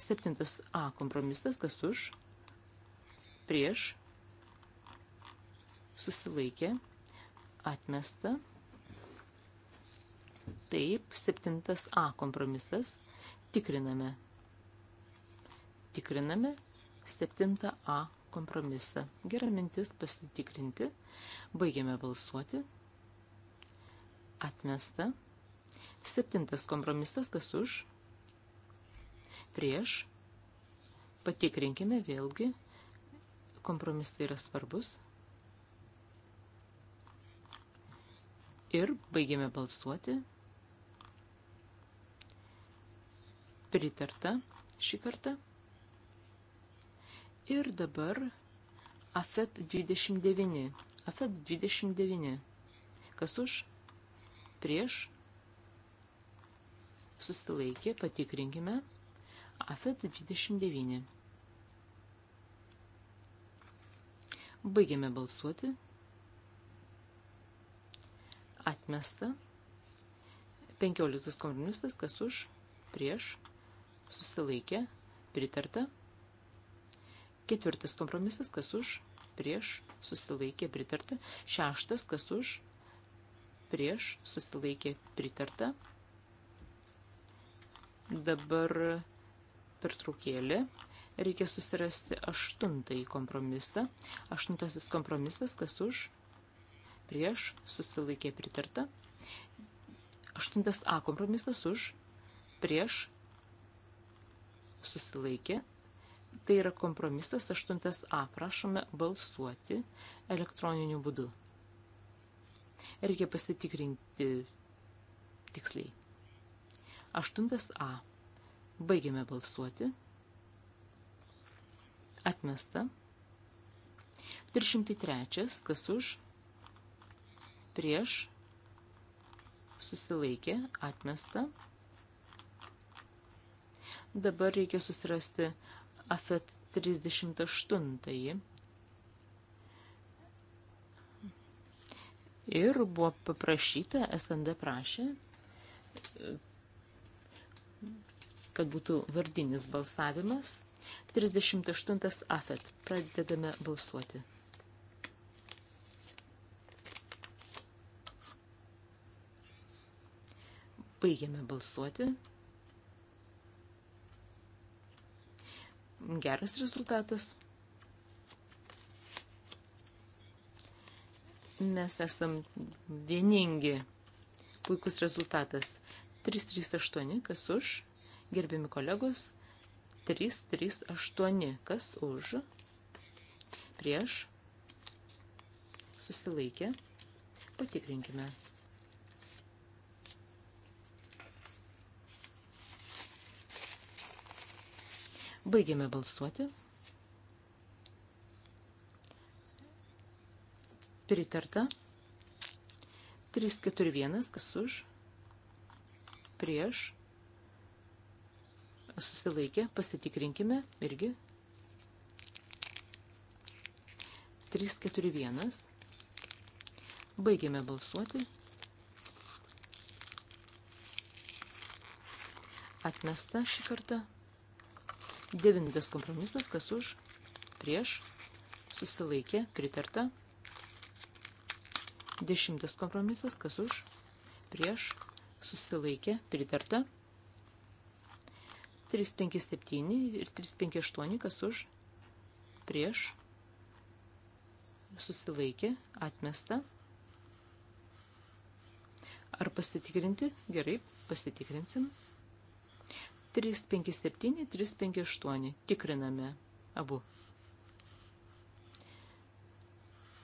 septintas A kompromisas, kas už, prieš, susilaikė, atmesta, taip, septintas A kompromisas, tikriname, tikriname, 7a kompromisą. Gera mintis pasitikrinti. Baigiame balsuoti. Atmesta. Septintas kompromisas, kas už? Prieš. Patikrinkime vėlgi. Kompromisai yra svarbus. Ir baigiame balsuoti. Pritarta šį kartą. Ir dabar AFET 29. AFET 29. Kas už? Prieš? Susilaikė, patikrinkime. AFET 29. Baigiame balsuoti. Atmesta. 15 kompromisas, kas už, prieš, susilaikė, pritarta. Ketvirtas kompromisas, kas už, prieš, susilaikė, pritarta. Šeštas, kas už, prieš, susilaikė, pritarta. Dabar pertraukėlė. Reikia susirasti aštuntąjį kompromisą. Aštuntasis kompromisas, kas už, prieš, susilaikė, pritarta. Aštuntas A kompromisas už, prieš, susilaikė, pritarta Tai yra kompromisas 8a. Prašome balsuoti elektroniniu būdu. Reikia pasitikrinti tiksliai. 8a. Baigiame balsuoti. Atmesta. 303. Kas už? Prieš. Susilaikė. Atmesta. Dabar reikia susirasti 303 Afet 38. Ir buvo paprašyta, SND prašė, kad būtų vardinis balsavimas. 38 afet. Pradedame balsuoti. Baigiame balsuoti. geras rezultatas. Mes esam vieningi. Puikus rezultatas. 338, kas už? Gerbiami kolegos, 338, kas už? Prieš? Susilaikė. Patikrinkime. Baigėme balsuoti. Pritarta. 341, kas už, prieš, susilaikė, pasitikrinkime irgi. 341, baigėme balsuoti. Atmesta šį kartą. Devintas kompromisas, kas už, prieš, susilaikė, pritarta. Dešimtas kompromisas, kas už, prieš, susilaikė, pritarta. 357 ir 358, kas už, prieš, susilaikė, atmesta. Ar pasitikrinti? Gerai, pasitikrinsim. 358. 357, 358. Tikriname abu.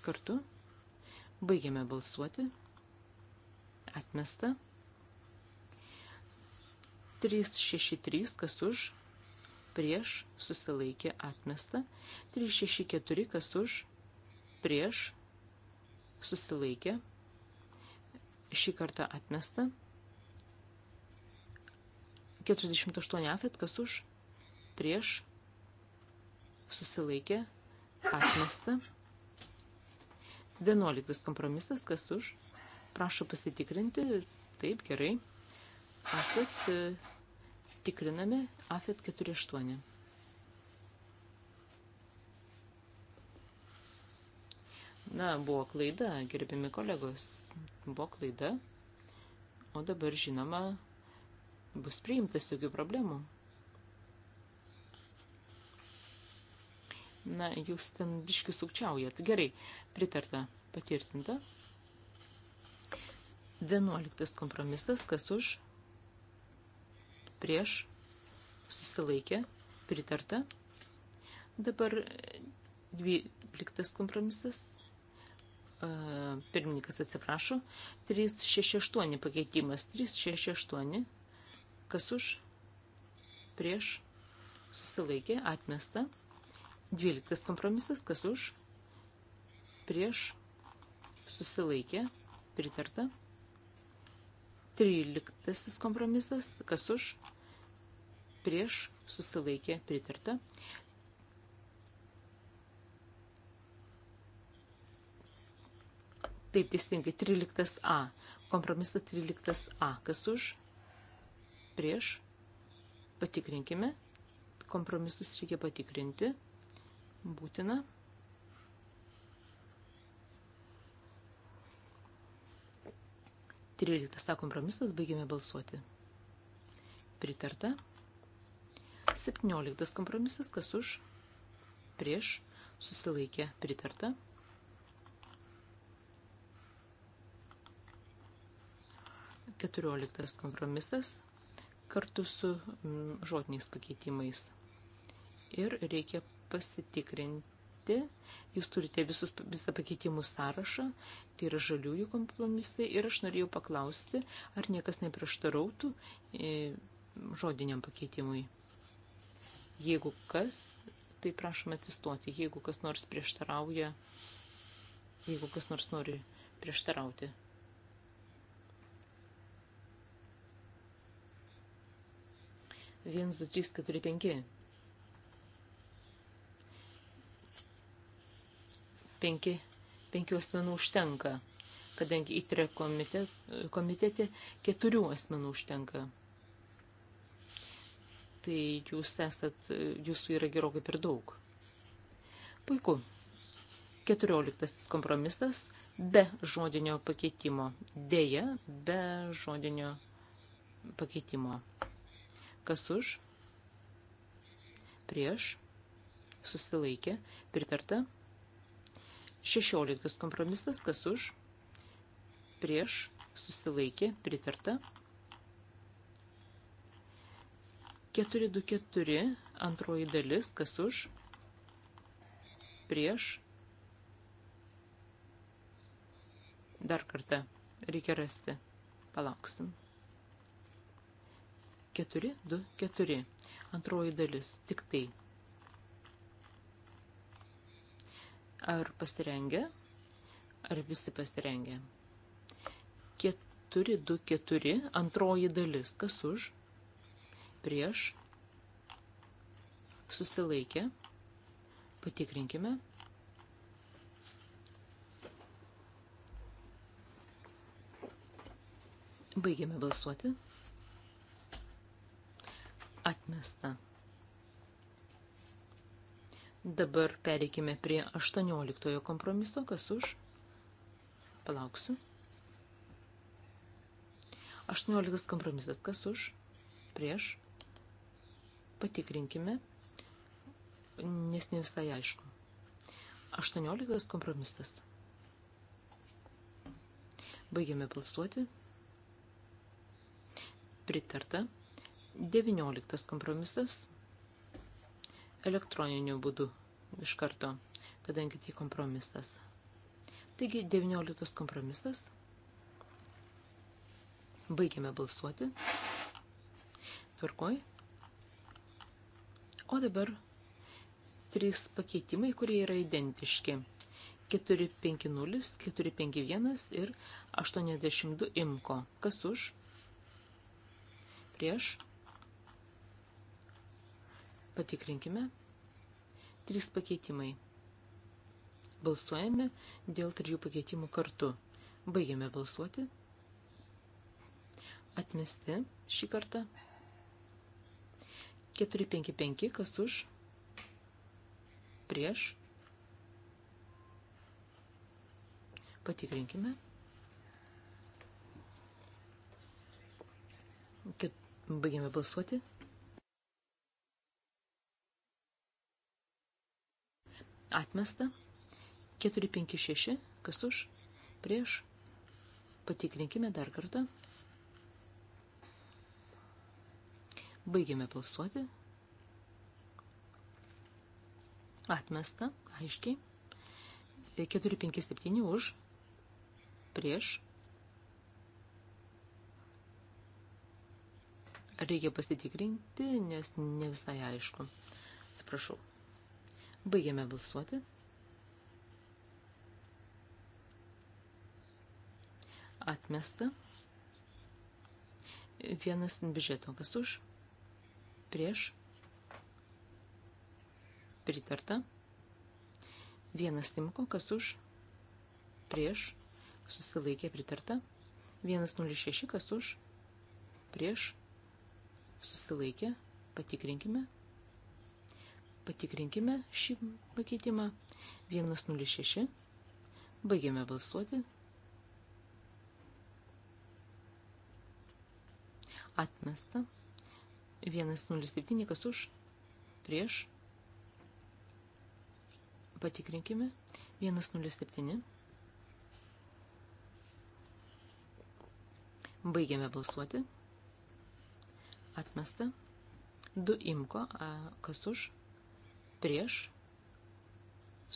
Kartu. Baigiame balsuoti. Atmesta. 363, kas už, prieš, susilaikė, atmesta. 364, kas už, prieš, susilaikė. Šį kartą atmesta. 365 48 afet, kas už, prieš, susilaikė, atmesta. 11 kompromisas, kas už, prašo pasitikrinti, taip, gerai. Afet, e, tikriname, afet 48. Na, buvo klaida, gerbiami kolegos, buvo klaida. O dabar, žinoma, bus priimtas jokių problemų. Na, jūs ten biški sukčiaujat. Gerai, pritarta, patvirtinta. Vienuoliktas kompromisas, kas už, prieš, susilaikė, pritarta. Dabar dvyliktas kompromisas, pirmininkas atsiprašo, 368 pakeitimas, 368 Kas už? Prieš. Susilaikė. Atmesta. Dvyliktas kompromisas. Kas už? Prieš. Susilaikė. Pritarta. Tryliktasis kompromisas. Kas už? Prieš. Susilaikė. Pritarta. 13, taip teisingai, 13a, kompromisas 13a, kas už, prieš, patikrinkime, kompromisus reikia patikrinti, būtina. Tryliktas tą kompromisas, baigėme balsuoti. Pritarta. Septynioliktas kompromisas, kas už, prieš, susilaikė, pritarta. Keturioliktas kompromisas, kartu su mm, žodiniais pakeitimais. Ir reikia pasitikrinti, jūs turite visus, visą pakeitimų sąrašą, tai yra žaliųjų kompromisai ir aš norėjau paklausti, ar niekas neprieštarautų e, žodiniam pakeitimui. Jeigu kas, tai prašome atsistoti, jeigu kas nors prieštarauja, jeigu kas nors nori prieštarauti. 1, 2, 3, 4, 5. 5, 5 asmenų užtenka, kadangi įtre komitet, komitete 4 asmenų užtenka. Tai jūs esat, jūsų yra gerokai per daug. Puiku. 14 kompromisas be žodinio pakeitimo. Deja, be žodinio pakeitimo. Kas už? Prieš. Susilaikė. Pritarta. 16 kompromisas. Kas už? Prieš. Susilaikė. Pritarta. 424. Antroji dalis. Kas už? Prieš. Dar kartą reikia rasti. Palauksim. 4, 2, 4. Antroji dalis. Tik tai. Ar pasirengę? Ar visi pasirengę? 4, 2, 4. Antroji dalis. Kas už? Prieš. Susilaikė. Patikrinkime. Baigiame balsuoti atmesta. Dabar pereikime prie 18 kompromiso, kas už. Palauksiu. 18 kompromisas, kas už, prieš. Patikrinkime, nes ne visai aišku. 18 kompromisas. Baigiame balsuoti. Pritarta. 19 kompromisas elektroniniu būdu iš karto, kadangi tai kompromisas. Taigi 19 kompromisas. Baigiame balsuoti. Tvarkoj. O dabar trys pakeitimai, kurie yra identiški. 450, 451 ir 82 imko. Kas už? Prieš? Patikrinkime. Trys pakeitimai. Balsuojame dėl trijų pakeitimų kartu. Baigiame balsuoti. Atmesti šį kartą. 455, kas už? Prieš. Patikrinkime. Baigiame balsuoti. Atmesta. 456. Kas už? Prieš. Patikrinkime dar kartą. Baigiame balsuoti. Atmesta. Aiškiai. 457 už. Prieš. Reikia pasitikrinti, nes ne visai aišku. Atsiprašau. Baigiame balsuoti. Atmesta. Vienas biudžeto, kas už, prieš, pritarta. Vienas timko, kas už, prieš, susilaikė pritarta. Vienas nulis šeši, kas už, prieš, susilaikė, patikrinkime. Patikrinkime šį pakeitimą. 106. Baigiame balsuoti. Atmesta. 107. Kas už? Prieš. Patikrinkime. 107. Baigiame balsuoti. Atmesta. 2 imko, a, kas už, prieš,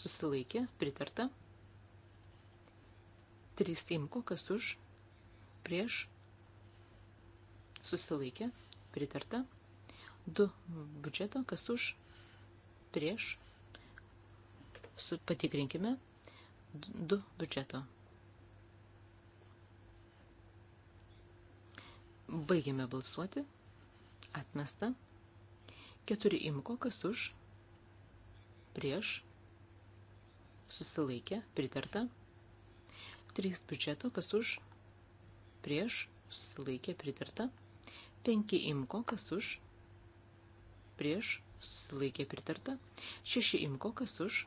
susilaikė, pritarta. 3 imko, kas už, prieš, susilaikė, pritarta. 2 biudžeto, kas už, prieš, su, patikrinkime, 2 biudžeto. Baigiame balsuoti. Atmesta. 4 imko, kas už, prieš prieš, susilaikė, pritarta. 3 biudžeto, kas už, prieš, susilaikė, pritarta. 5 imko, kas už, prieš, susilaikė, pritarta. 6 imko, kas už,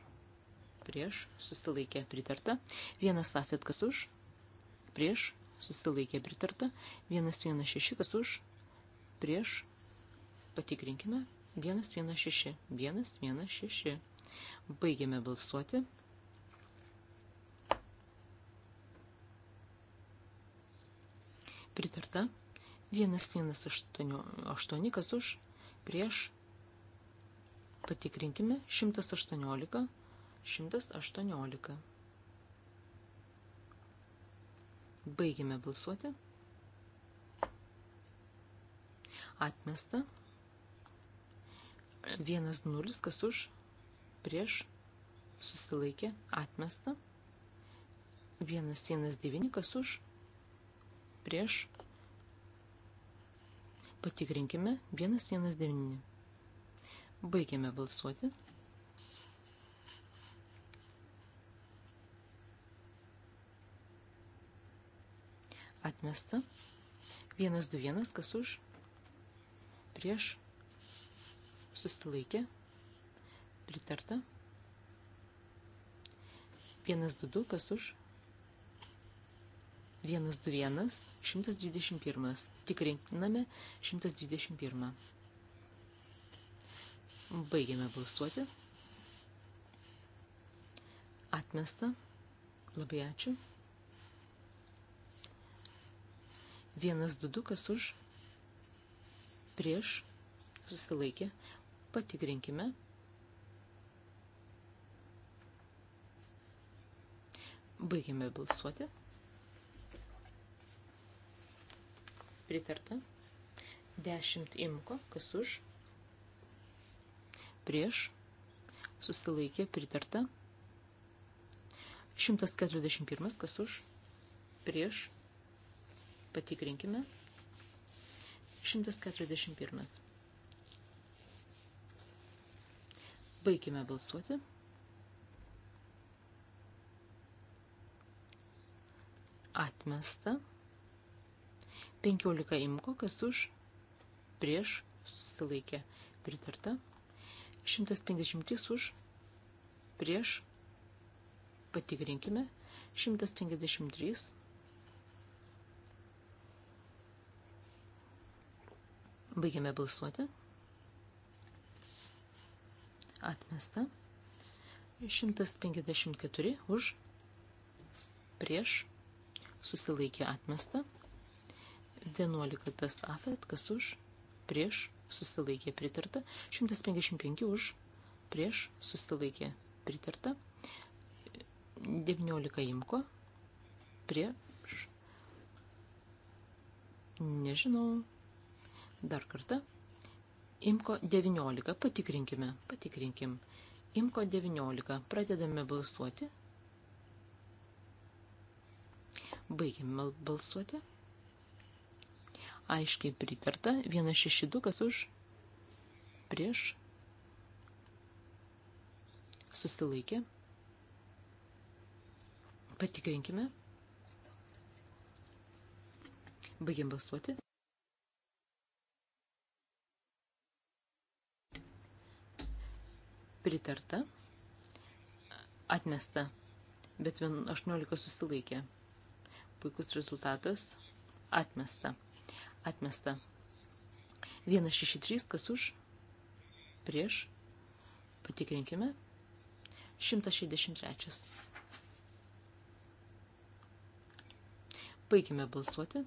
prieš, susilaikė, pritarta. 1 safet, kas už, prieš, susilaikė, pritarta. 116, kas už, prieš, patikrinkime. 116, 116. Baigiame balsuoti. Pritarta. 118, kas už, prieš. Patikrinkime. 118. 118. Baigiame balsuoti. Atmesta. 1-0, kas už, prieš, susilaikė, atmesta. 119, kas už, prieš, patikrinkime 119. Baigiame balsuoti. Atmesta. 121, kas už, prieš, susilaikė, atmesta Pritarta. Vienas du du, kas už? Vienas du vienas, 121. Tikriname 121. Baigiame balsuoti. Atmesta. Labai ačiū. Vienas dudukas už prieš susilaikė. Patikrinkime. Baigiame balsuoti. Pritarta. 10 imko, kas už, prieš, susilaikė, pritarta. 141, kas už, prieš, patikrinkime. 141. Baigime balsuoti. atmesta. 15 imko, kas už, prieš, susilaikė, pritarta. 150 už, prieš, patikrinkime. 153. Baigiame balsuoti. Atmesta. 154 už, prieš, susilaikė atmesta. 11 tas afet, kas už, prieš, susilaikė pritarta. 155 už, prieš, susilaikė pritarta. 19 imko, prieš, nežinau, dar kartą. Imko 19, patikrinkime, patikrinkim. Imko 19, pradedame balsuoti. Baigiam balsuoti. Aiškiai pritarta. 162 kas už. Prieš. Susilaikė. Patikrinkime. Baigiam balsuoti. Pritarta. Atmesta. Bet 18 susilaikė puikus rezultatas. Atmesta. Atmesta. 163, kas už? Prieš. Patikrinkime. 163. Baigime balsuoti.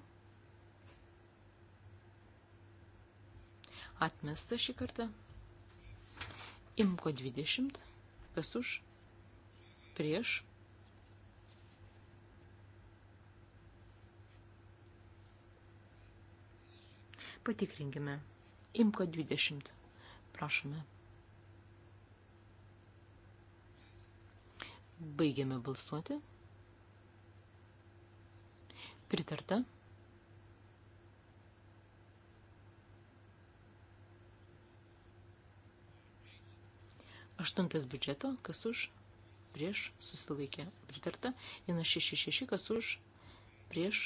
Atmesta šį kartą. Imko 20. Kas už? Prieš. Patikrinkime. Imko 20. Prašome. Baigiame balsuoti. Pritarta. Aštuntas biudžeto, kas už, prieš, susilaikė, pritarta. 166, kas už, prieš,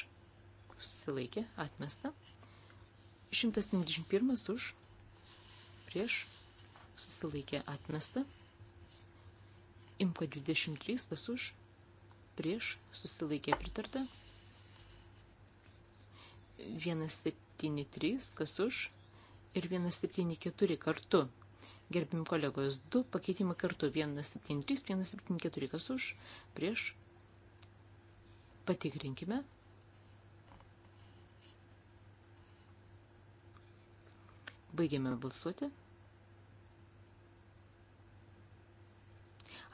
susilaikė, atmesta. 171 už, prieš, susilaikė atmesta. Imko 23, tas už, prieš, susilaikė pritarta. 173, kas už, ir 174 kartu. Gerbim kolegos, du pakeitimai kartu, 173, 174, kas už, prieš, patikrinkime. 173. Baigėme balsuoti.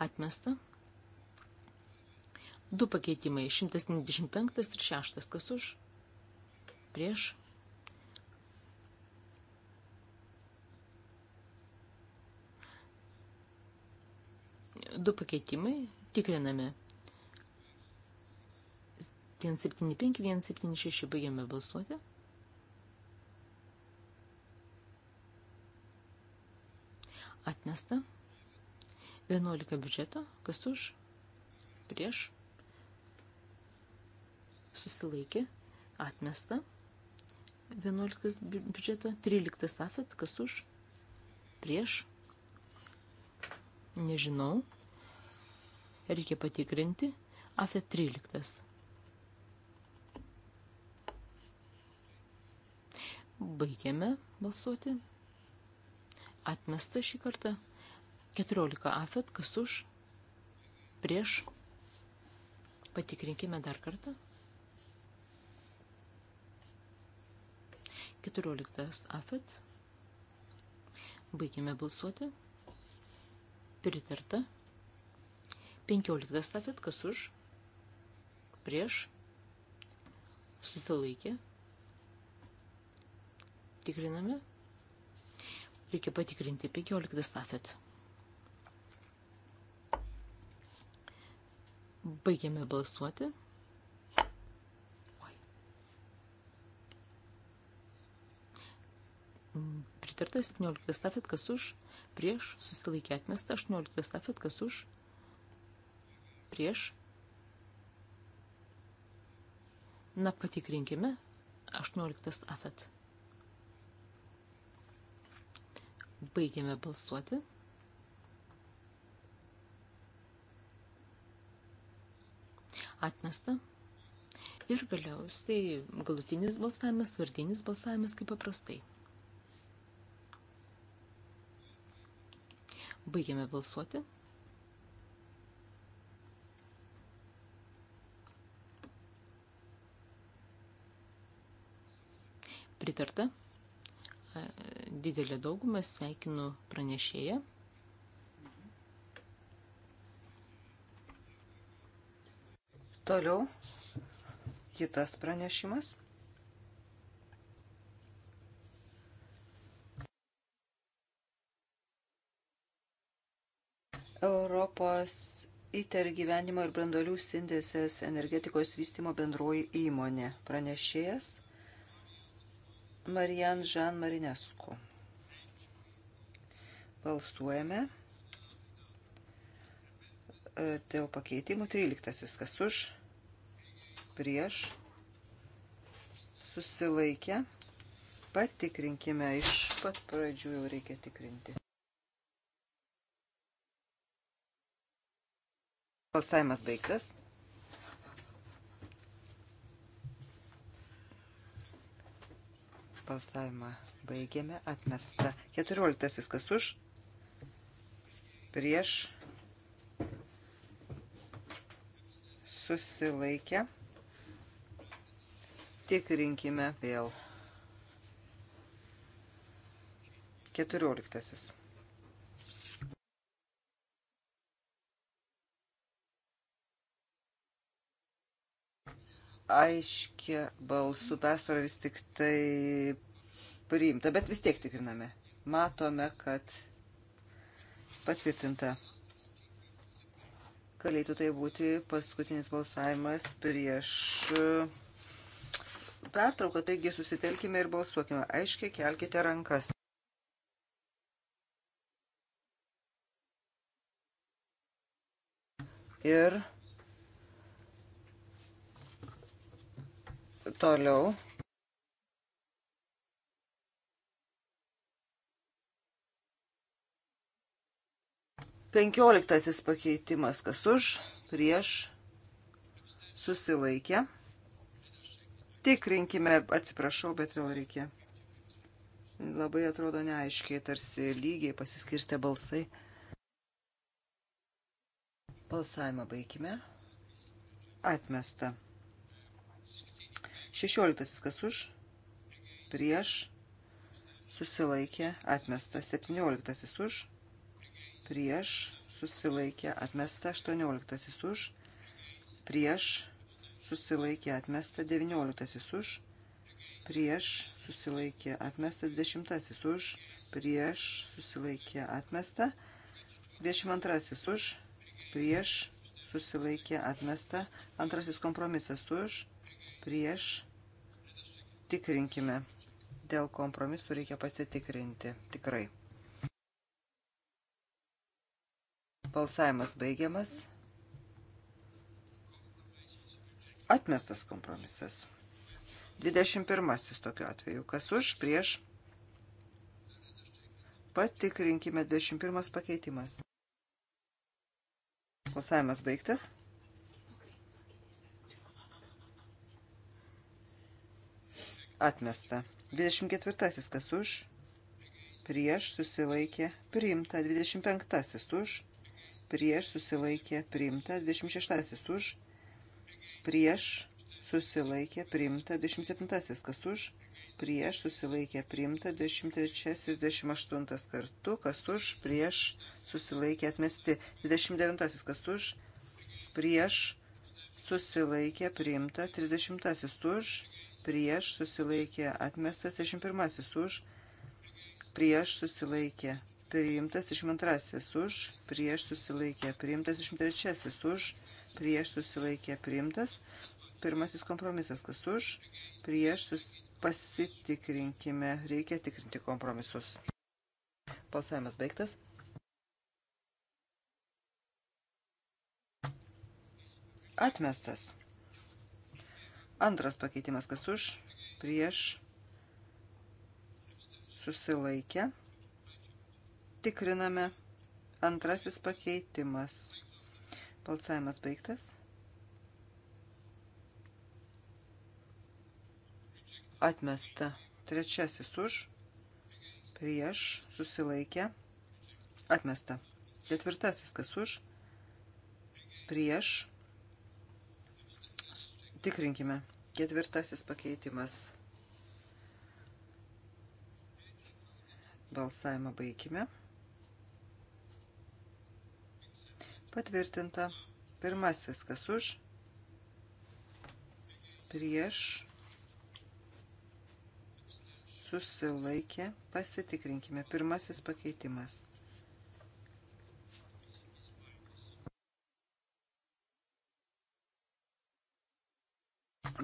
Atmesta. Du pakeitimai. 175 ir 6. Kas už? Prieš. Du pakeitimai. Tikriname. 175, 176 baigiame balsuoti. Atmesta. 11 biudžeto. Kas už? Prieš. Susilaikė. Atmesta. 11 biudžeto. 13 afet. Kas už? Prieš. Nežinau. Reikia patikrinti. Afet 13. Baigiame balsuoti atmesta šį kartą. 14 afet, kas už, prieš, patikrinkime dar kartą. 14 afet, baigime balsuoti, pritarta. 15 afet, kas už, prieš, susilaikė, tikriname. 15 Reikia patikrinti 15 stafet. Baigiame balsuoti. Pritarta 17 stafet, kas už, prieš, susilaikė atmesta 18 stafet, kas už, prieš. Na, patikrinkime 18 stafet. Baigiame balsuoti. Atmesta. Ir galiausiai galutinis balsavimas, vardinis balsavimas kaip paprastai. Baigiame balsuoti. Pritarta didelę daugumą, sveikinu pranešėją. Toliau kitas pranešimas. Europos ITER gyvenimo ir brandolių sintesės energetikos vystimo bendroji įmonė. Pranešėjas Marijan Žan Marinesku. Balsuojame e, dėl pakeitimų 13. Kas už, prieš, susilaikę. Patikrinkime, iš pat pradžių jau reikia tikrinti. Balsavimas baigtas. Balsavimą baigėme, atmesta. 14. Kas už, prieš susilaikę. Tikrinkime vėl. Keturioliktasis. aiškia balsų persvara vis tik tai priimta, bet vis tiek tikriname. Matome, kad patvirtinta. Galėtų tai būti paskutinis balsavimas prieš e, pertrauką, taigi susitelkime ir balsuokime. Aiškiai kelkite rankas. Ir toliau Penkioliktasis pakeitimas, kas už, prieš, susilaikė. Tikrinkime, atsiprašau, bet vėl reikia. Labai atrodo neaiškiai, tarsi lygiai pasiskirstė balsai. Balsavimą baigime. Atmesta. Šešioliktasis kas už, prieš, susilaikė, atmesta. Septynioliktasis už, prieš prieš, susilaikė atmesta 18 už, prieš, susilaikė atmesta 19 už, prieš, susilaikė atmesta 10 už, prieš, susilaikė atmesta 22 už, prieš, susilaikė atmesta antrasis kompromisas už, prieš, tikrinkime. Dėl kompromisų reikia pasitikrinti. Tikrai. Balsavimas baigiamas. Atmestas kompromisas. 21 tokiu atveju. Kas už, prieš. Patikrinkime 21 pakeitimas. Balsavimas baigtas. Atmesta. 24 kas už, prieš susilaikė, priimta. 25 už, prieš susilaikė priimta, 26 už, prieš susilaikė priimta, 27 kas už, prieš susilaikė priimta, 23 28 kartu, kas už, prieš susilaikė atmesti, 29 kas už, prieš susilaikė priimta, 30 už, prieš susilaikė atmestas, 31 už, prieš susilaikė priimtas 22 už, prieš susilaikė priimtas 23 už, prieš susilaikė priimtas. Pirmasis kompromisas, kas už, prieš sus... pasitikrinkime, reikia tikrinti kompromisus. Balsavimas baigtas. Atmestas. Antras pakeitimas, kas už, prieš susilaikė priimtas Tikriname antrasis pakeitimas. Balsavimas baigtas. Atmesta. Trečiasis už. Prieš. Susilaikę. Atmesta. Ketvirtasis kas už. Prieš. Tikrinkime. Ketvirtasis pakeitimas. Balsavimą baigime. Patvirtinta. Pirmasis, kas už, prieš, susilaikė, pasitikrinkime. Pirmasis pakeitimas.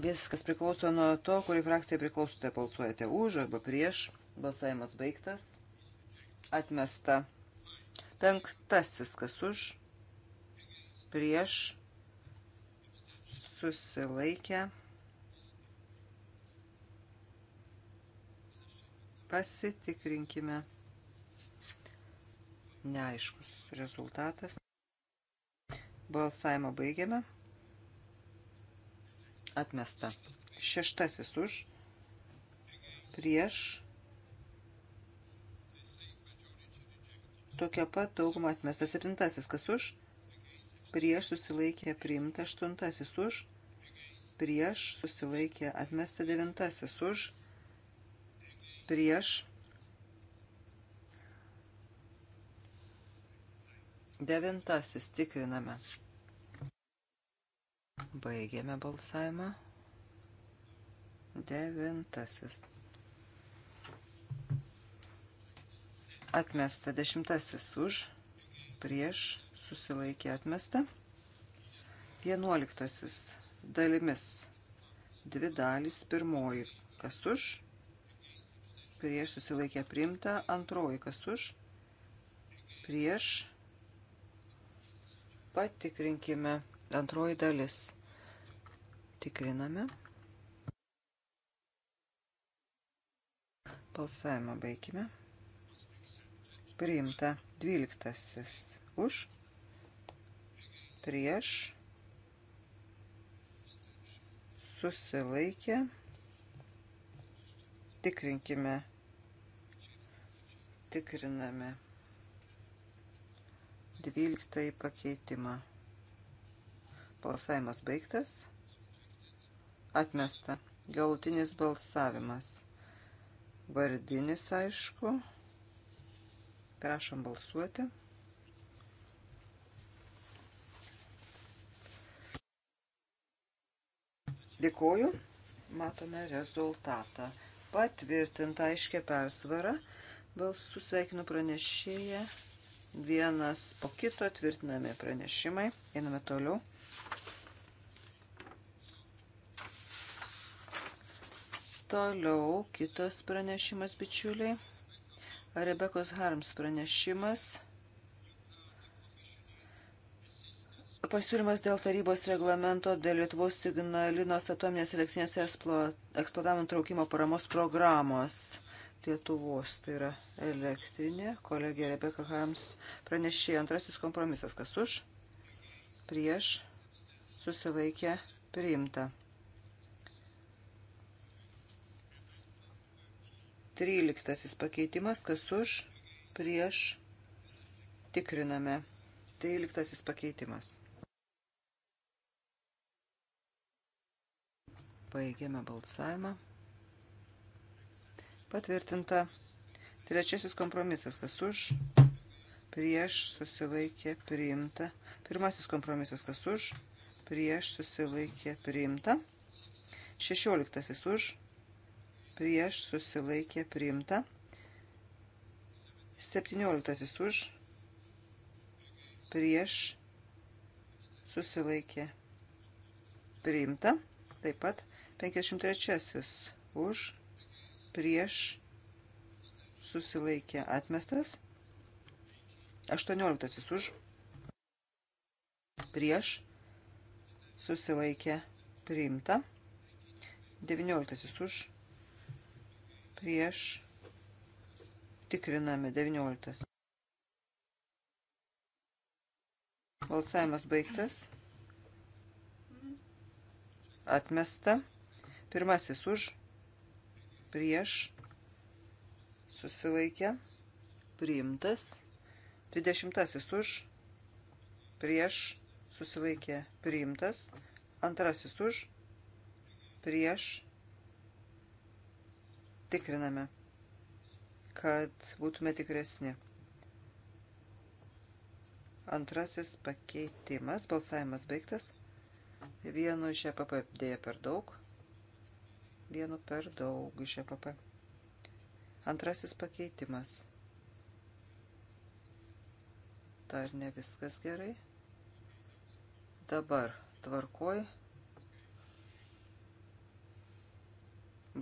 Viskas priklauso nuo to, kurį frakciją priklausote, balsuojate už arba prieš. Balsavimas baigtas. Atmesta. Penktasis, kas už prieš susilaikę pasitikrinkime neaiškus rezultatas balsavimą baigiame atmesta šeštasis už prieš tokia pat dauguma atmesta septintasis kas už prieš susilaikė priimta aštuntasis už, prieš susilaikė atmesta devintasis už, prieš devintasis tikriname. Baigėme balsavimą. Devintasis. Atmesta dešimtasis už, prieš susilaikė atmesta. Vienuoliktasis dalimis. Dvi dalys. Pirmoji kas už. Prieš susilaikė priimta. Antroji kas už. Prieš. Patikrinkime. Antroji dalis. Tikriname. Balsavimą baigime. Priimta. Dvyliktasis už prieš, susilaikė, tikrinkime, tikriname dvyliktąjį pakeitimą. Balsavimas baigtas, atmesta, galutinis balsavimas, vardinis aišku, prašom balsuoti. Dėkuoju. Matome rezultatą. Patvirtinta aiškia persvara. Balsų sveikinu pranešėję. Vienas po kito tvirtinami pranešimai. Einame toliau. Toliau kitas pranešimas, bičiuliai. Rebekos Harms pranešimas Pasiūlymas dėl tarybos reglamento dėl Lietuvos Ignalinos atominės elektrinės eksploatavimo traukimo paramos programos Lietuvos, tai yra elektrinė, kolegė Rebeka Harms pranešė antrasis kompromisas, kas už, prieš, susilaikė, priimta. 13 pakeitimas, kas už, prieš, tikriname. 13 pakeitimas. Baigiame balsavimą. Patvirtinta trečiasis kompromisas. Kas už? Prieš susilaikė priimta. Pirmasis kompromisas. Kas už? Prieš susilaikė priimta. Šešioliktasis už. Prieš susilaikė priimta. Septynioliktasis už. Prieš susilaikė priimta. Taip pat 53 už, prieš, susilaikė atmestas. 18 už, prieš, susilaikė priimta. 19 už, prieš, tikriname 19. Balsavimas baigtas. Atmesta. Pirmasis už, prieš, susilaikė, priimtas. Dvidešimtasis už, prieš, susilaikė, priimtas. Antrasis už, prieš, tikriname, kad būtume tikresni. Antrasis pakeitimas, balsavimas baigtas. Vienu iš EPP dėja per daug vienu per daug iš EPP. Antrasis pakeitimas. Dar ne viskas gerai. Dabar tvarkoj.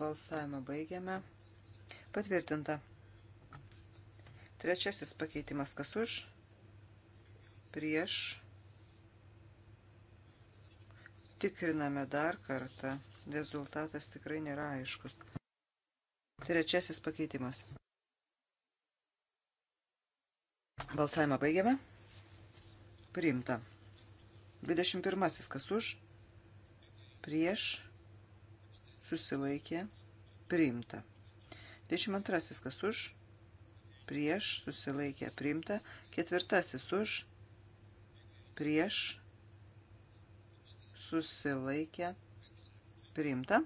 Balsavimą baigiame. Patvirtinta. Trečiasis pakeitimas kas už? Prieš Tikriname dar kartą. Rezultatas tikrai nėra aiškus. Trečiasis pakeitimas. Balsavimą baigiame. Priimta. 21. Kas už? Prieš. Susilaikė. Priimta. 22. Kas už? Prieš. Susilaikė. Priimta. 4. Už. Prieš susilaikę, priimta.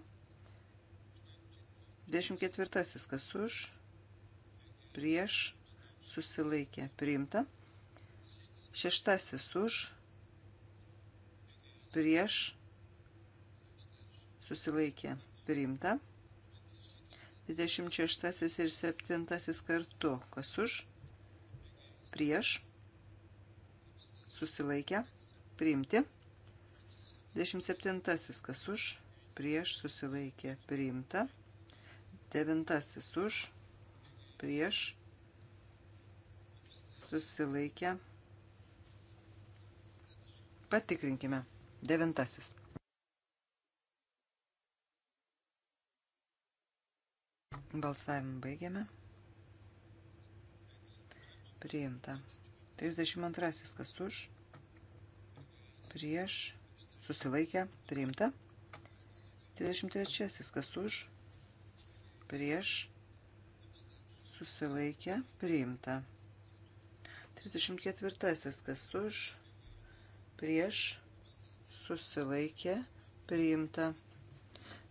24. Kas už, prieš, susilaikė, priimta. 6. Už, prieš, susilaikė, priimta. 26 ir 7 kartu, kas už, prieš, susilaikę, priimti. 27. Kas už, prieš susilaikė priimta. 9. Už, prieš susilaikė. Patikrinkime. 9. Balsavimą baigiame. Priimta. 32. Kas už, prieš susilaikė susilaikė, priimta. 23. Kas už, prieš, susilaikė, priimta. 34. Kas už, prieš, susilaikė, priimta.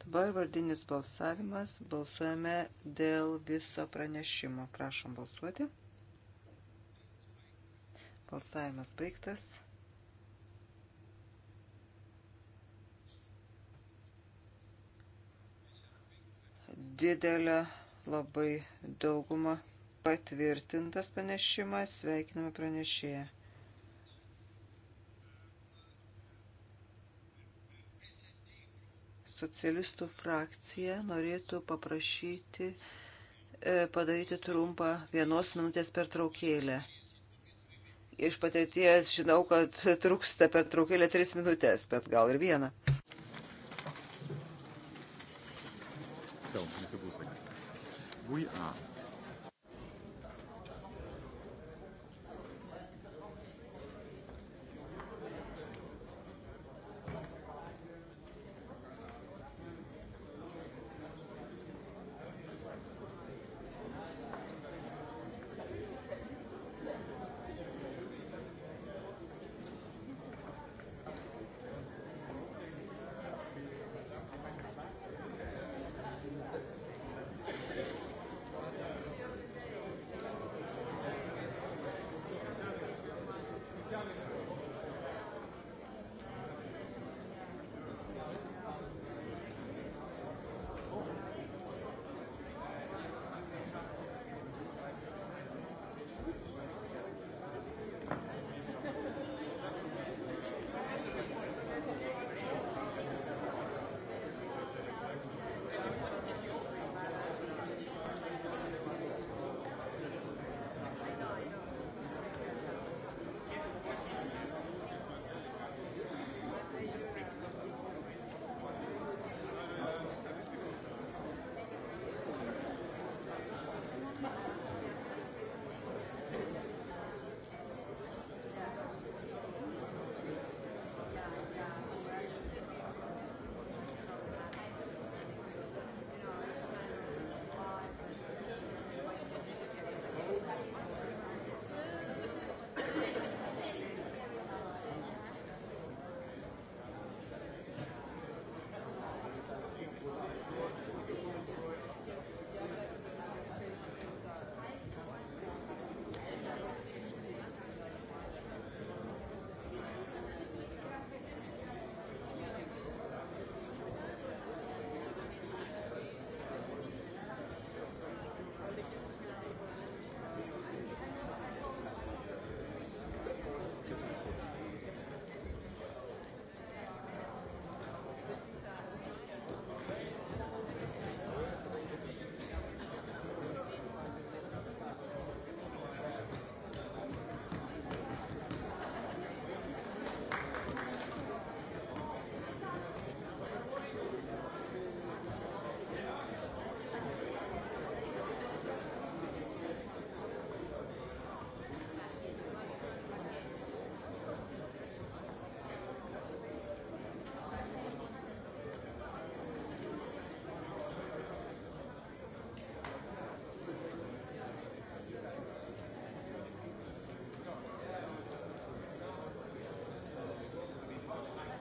Dabar vardinis balsavimas. Balsuojame dėl viso pranešimo. Prašom balsuoti. Balsavimas baigtas. didelę labai daugumą patvirtintas pranešimas, sveikiname pranešėją. Socialistų frakcija norėtų paprašyti e, padaryti trumpą vienos minutės pertraukėlę. Iš patirties žinau, kad trūksta pertraukėlė tris minutės, bet gal ir vieną. we are.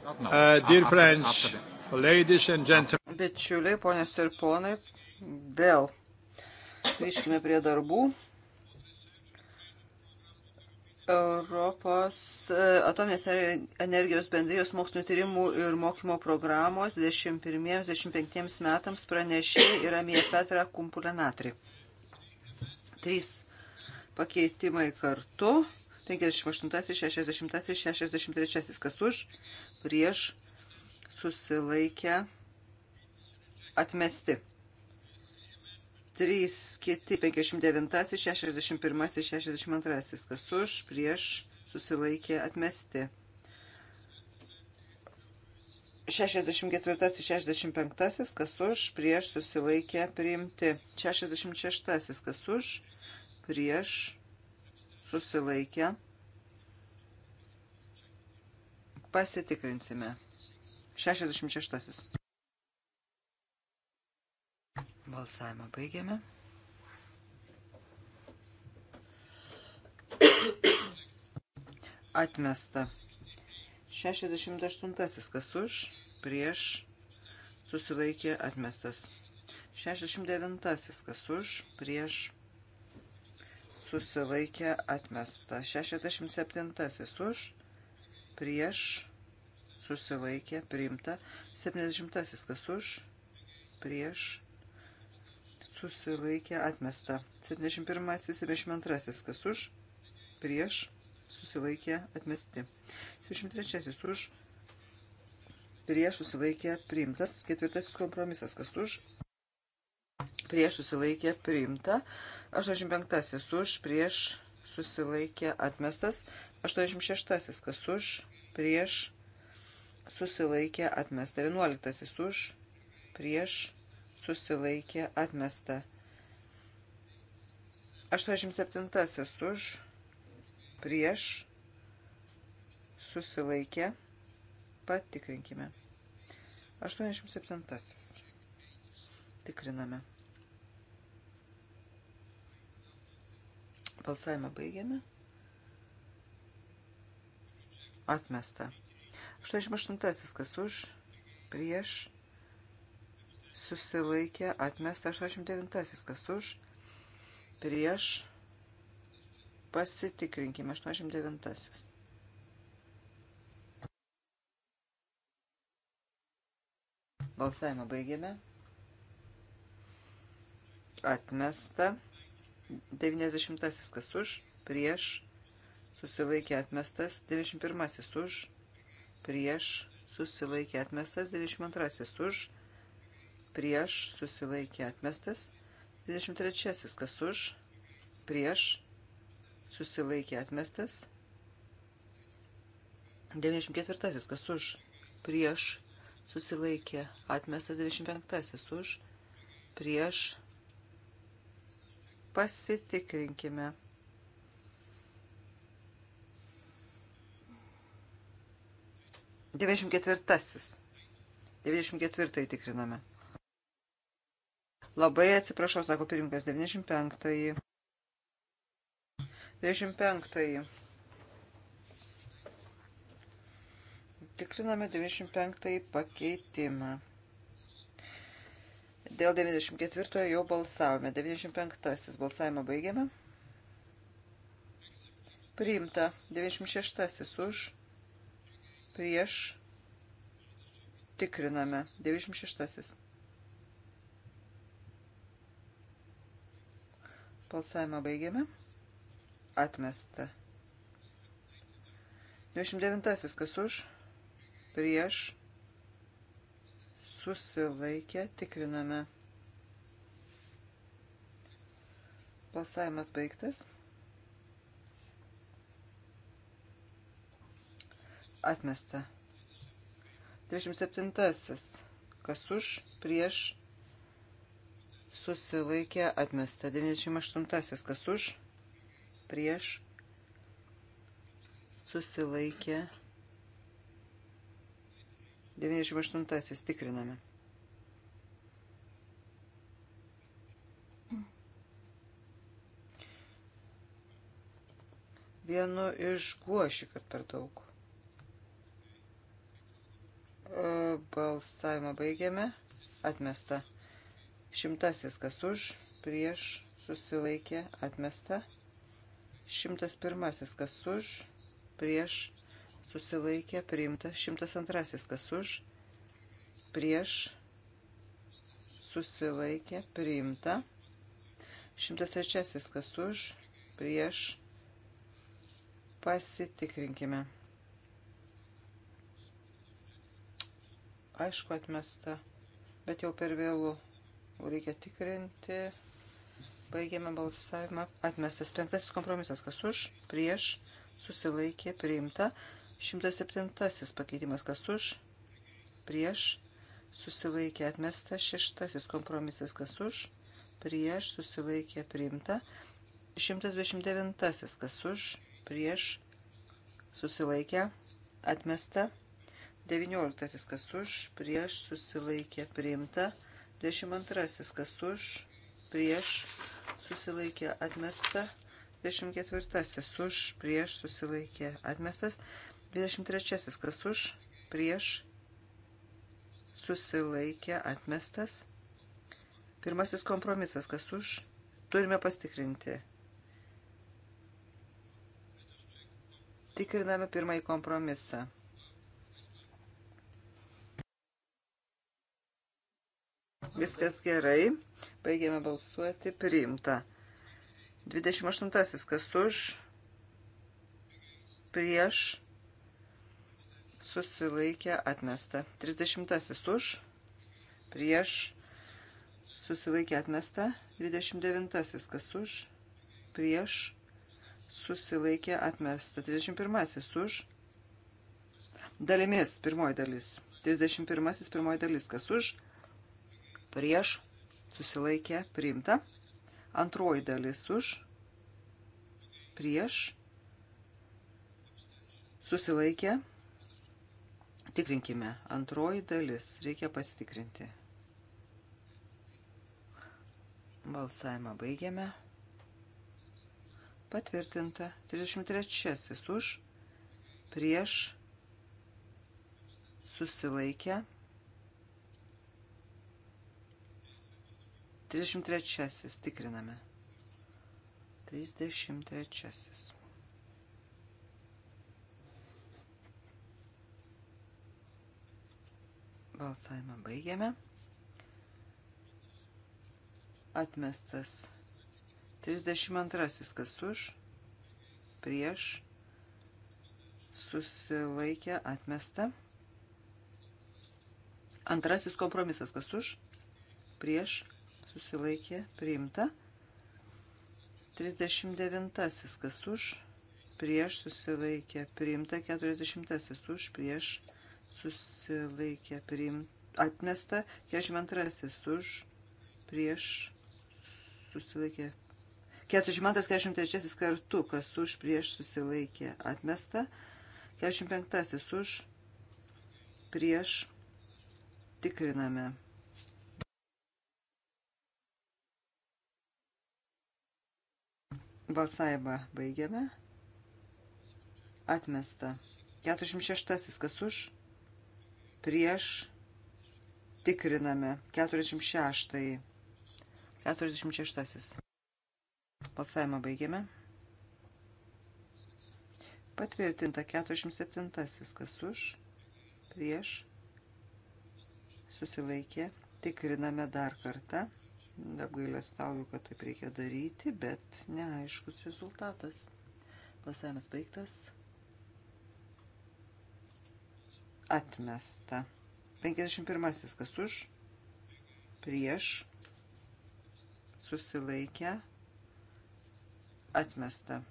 Uh, dear friends, ladies and gentlemen. Bičiuliai, ponės ir ponai, vėl grįžkime prie darbų. Europos uh, atominės energijos bendrijos mokslinio tyrimų ir mokymo programos 21-25 metams pranešė yra Miepetra Kumpulenatri. Trys pakeitimai kartu. 58, 60, 63, kas už, prieš susilaikę atmesti. 3 kiti 59, 61, 62, kas už prieš susilaikė atmesti. 64-65, kas už, prieš susilaikė priimti. 66, kas už, prieš susilaikė Pasitikrinsime. 66. Balsavimą baigiame. Atmesta. 68. Kas už, prieš, susilaikė atmestas. 69. Kas už, prieš, susilaikė atmesta. 67. Už, prieš, susilaikė, priimta. 70 kas už, prieš, susilaikė, atmesta. 71, 72 kas už, prieš, susilaikė, atmesti. 73 už, prieš, susilaikė, priimtas. Ketvirtasis kompromisas kas už, prieš susilaikė priimta, 85 už prieš susilaikė atmestas, 86 kas už, prieš, susilaikė atmesta. 11 už, prieš, susilaikė atmesta. 87 už, prieš, susilaikė, patikrinkime. 87 tikriname. Balsavimą baigiame. Atmesta. 88. Kas už? Prieš. Susilaikė. Atmesta. 89. Kas už? Prieš. Pasitikrinkime. 89. Balsavimą baigėme. Atmesta. 90. Kas už? Prieš susilaikė atmestas 91 už, prieš susilaikė atmestas 92 už, prieš susilaikė atmestas 23 kas už, prieš susilaikė atmestas 94 kas už, prieš susilaikė atmestas 95 už, prieš pasitikrinkime. 94. 94 tikriname. Labai atsiprašau, sako pirmininkas, 95. 95. Tikriname 95 pakeitimą. Dėl 94 jau balsavome. 95 balsavimą baigiame. Priimta. 96 už prieš tikriname 96. Balsavimą baigiame. Atmesta. 29. Kas už? Prieš. Susilaikę. Tikriname. Balsavimas baigtas. atmesta. 27. Kas už, prieš, susilaikė, atmesta. 98. Kas už, prieš, susilaikė. 98. Tikriname. Vienu iš guošį, kad per daug. Balsavimą baigiame. Atmesta. Šimtasis kas už, prieš, susilaikė, atmesta. Šimtas pirmasis kas už, prieš, susilaikė, priimta. Šimtas antrasis kas už, prieš, susilaikė, priimta. Šimtas trečiasis kas už, prieš, pasitikrinkime. aišku atmesta, bet jau per vėlų reikia tikrinti. Baigėme balsavimą. Atmestas penktasis kompromisas. Kas už? Prieš. Susilaikė. Priimta. 107 pakeitimas. Kas už? Prieš. Susilaikė. Atmesta. Šeštasis kompromisas. Kas už? Prieš. Susilaikė. Priimta. 129 kas už? Prieš. Susilaikė. Atmesta. 19. Kas už, prieš susilaikė priimta. 22. Kas už, prieš susilaikė atmesta. 24. Už, prieš susilaikė atmestas. 23. Kas už, prieš susilaikė atmestas. Pirmasis kompromisas, kas už, turime pastikrinti. Tikriname pirmąjį kompromisą. Viskas gerai. Baigėme balsuoti. Priimta. 28. Kas už? Prieš. Susilaikė. Atmesta. 30. Už. Prieš. Susilaikė. Atmesta. 29. Kas už? Prieš. Susilaikė. Atmesta. 31. Už. Dalimis. Pirmoji dalis. 31. Pirmoji dalis. Kas už? prieš, susilaikė, priimta. Antroji dalis už, prieš, susilaikė. Tikrinkime. Antroji dalis. Reikia pasitikrinti. Balsavimą baigiame. Patvirtinta. 33 už, prieš, susilaikė. 33. Tikriname. 33. Balsavimą baigiame. Atmestas. 32. Kas už? Prieš. Susilaikę atmestą. Antrasis kompromisas. Kas už? Prieš susilaikė, priimta. 39 kas už, prieš susilaikė, priimta. 40 už, prieš susilaikė, priimta. Atmesta. 42 už, prieš susilaikė. 443 kartu, kas už, prieš susilaikė, atmesta. 45 už, prieš tikriname. Balsavimą baigiame. Atmesta. 46. Kas už? Prieš. Tikriname. 46. 46. Balsavimą baigiame. Patvirtinta 47. Kas už? Prieš. Susilaikė. Tikriname dar kartą. 46. Apgailestauju, kad taip reikia daryti, bet neaiškus rezultatas. Balsavimas baigtas. Atmesta. 51. Kas už? Prieš. Susilaikę. Atmesta.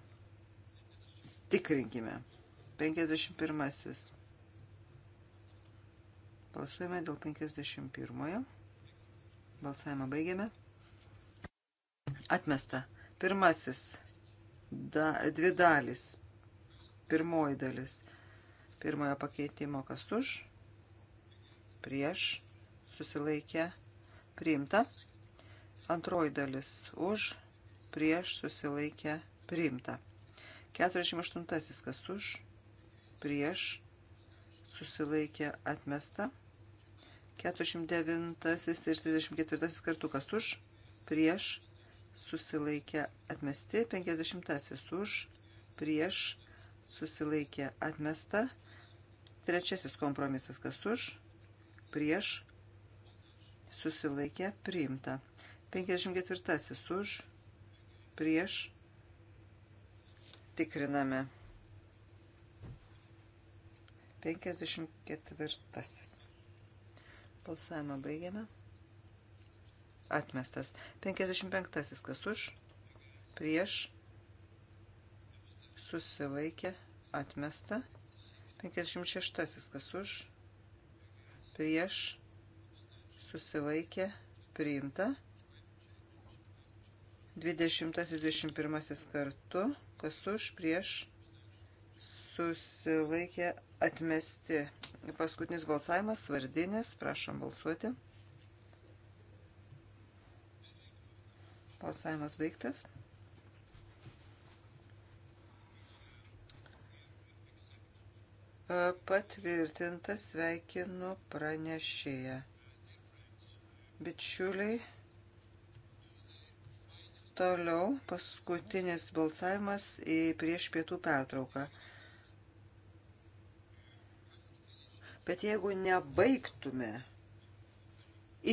Tikrinkime. 51. Balsuojame dėl 51. Balsavimą baigiame. Atmesta. Pirmasis. Da, dvi dalis. Pirmoji dalis. Pirmojo pakeitimo kas už. Prieš. Susilaikę. Priimta. Antroji dalis. Už. Prieš. Susilaikę. Priimta. 48. Kas už. Prieš. Susilaikę. Atmesta. 409 ir 34 kartu kas už, prieš, susilaikė atmesti, 50 už, prieš, susilaikė atmesta, trečiasis kompromisas kas už, prieš, susilaikė priimta, 54 už, prieš, tikriname. 54. Balsavimą baigiame. Atmestas. 55. Kas už? Prieš. Susilaikė. Atmesta. 56. Kas už? Prieš. Susilaikė. Priimta. 20-21 kartu. Kas už? Prieš. Susilaikė. Atmesti. Paskutinis balsavimas, svardinis, prašom balsuoti. Balsavimas baigtas. Patvirtintas sveikinu pranešėją. Bičiuliai, toliau paskutinis balsavimas į prieš pietų pertrauką. Bet jeigu nebaigtume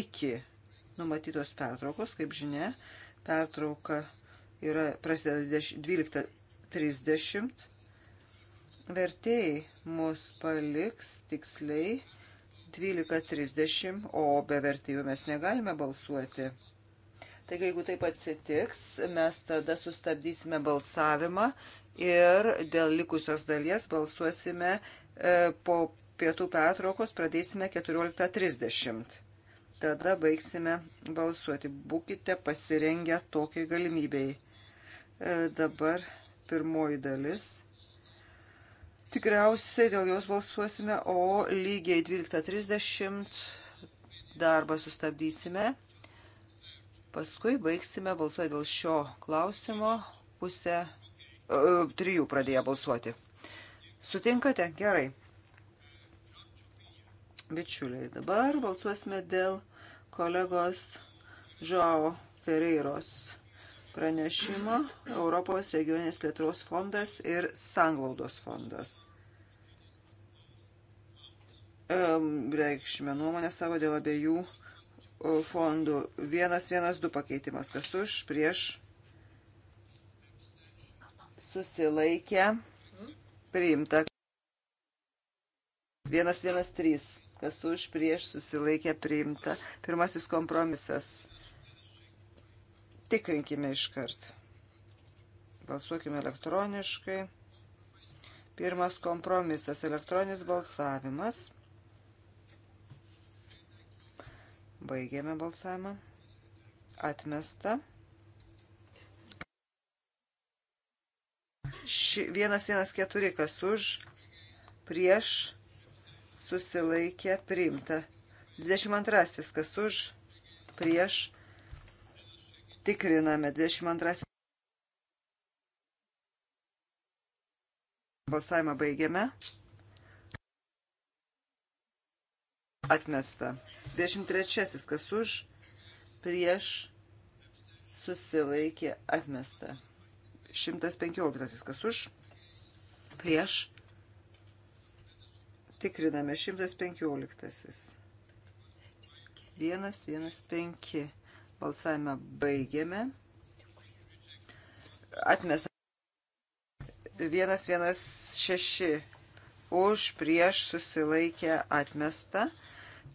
iki numatytos pertraukos, kaip žinia, pertrauka yra prasideda 12.30, vertėjai mus paliks tiksliai 12.30, o be vertėjų mes negalime balsuoti. Taigi, jeigu taip atsitiks, mes tada sustabdysime balsavimą ir dėl likusios dalies balsuosime e, po pietų pertraukos pradėsime 14.30. Tada baigsime balsuoti. Būkite pasirengę tokiai galimybei. E, dabar pirmoji dalis. Tikriausiai dėl jos balsuosime, o lygiai 12.30 darbą sustabdysime. Paskui baigsime balsuoti dėl šio klausimo pusę e, trijų pradėję balsuoti. Sutinkate? Gerai bičiuliai. Dabar balsuosime dėl kolegos Žao Ferreiros pranešimo Europos regioninės plėtros fondas ir Sanglaudos fondas. Reikšime nuomonę savo dėl abiejų fondų. Vienas, vienas, du pakeitimas. Kas už, prieš, susilaikę, priimta. Vienas, vienas, trys kas už prieš susilaikė priimta. Pirmasis kompromisas. Tikrinkime iškart. Balsuokime elektroniškai. Pirmas kompromisas - elektroninis balsavimas. Baigėme balsavimą. Atmesta. Ši, vienas, vienas, keturi, kas už, prieš, susilaikė priimta. 22. Kas už, prieš, tikriname. 22. Balsavimą baigiame. Atmesta. 23. Kas už, prieš, susilaikė, atmesta. 115. Kas už, prieš, atmesta Tikriname 115. 115. Balsavimą baigiame. Atmes 116. Už prieš susilaikę atmestą.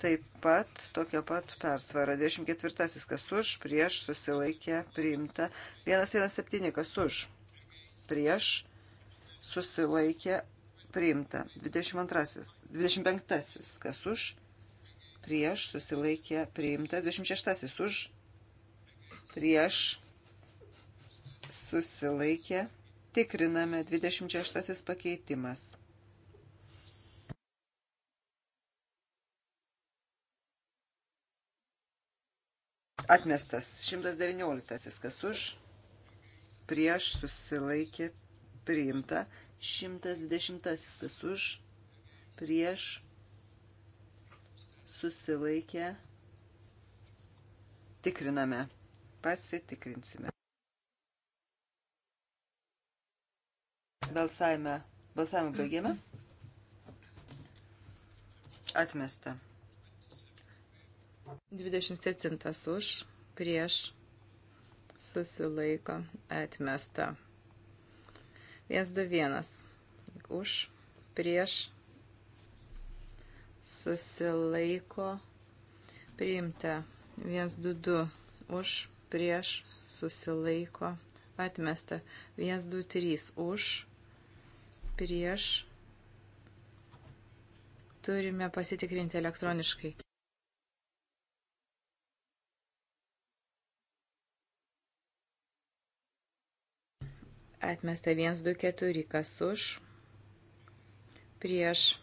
Taip pat tokia pat persvara. 24. Kas už prieš susilaikę priimta. 117. Kas už prieš susilaikę priimta. 22. 25. Kas už? Prieš susilaikė priimta. 26. Už? Prieš susilaikė. Tikriname 26. pakeitimas. Atmestas 119. Kas už? Prieš susilaikė priimta. 120 kas už, prieš, susilaikę, tikriname, pasitikrinsime. Balsavime, balsavimą baigėme. Atmesta. 27 už, prieš, susilaiko, atmesta. 121. Už, prieš, susilaiko, priimta. 122. Už, prieš, susilaiko, atmesta. 123. Už, prieš, turime pasitikrinti elektroniškai. Atmesta 1, 2, 4, kas už, prieš,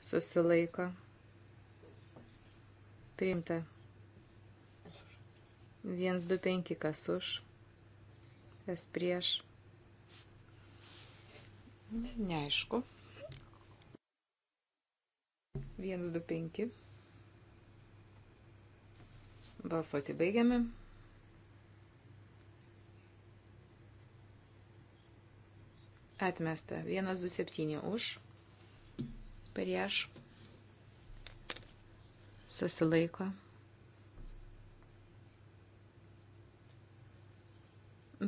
susilaiko, priimta. 1, 2, 5, kas už, kas prieš, neaišku. 1, 2, 5. Balsuoti baigiame. Atmesta. 127 už. Prieš. Susilaiko.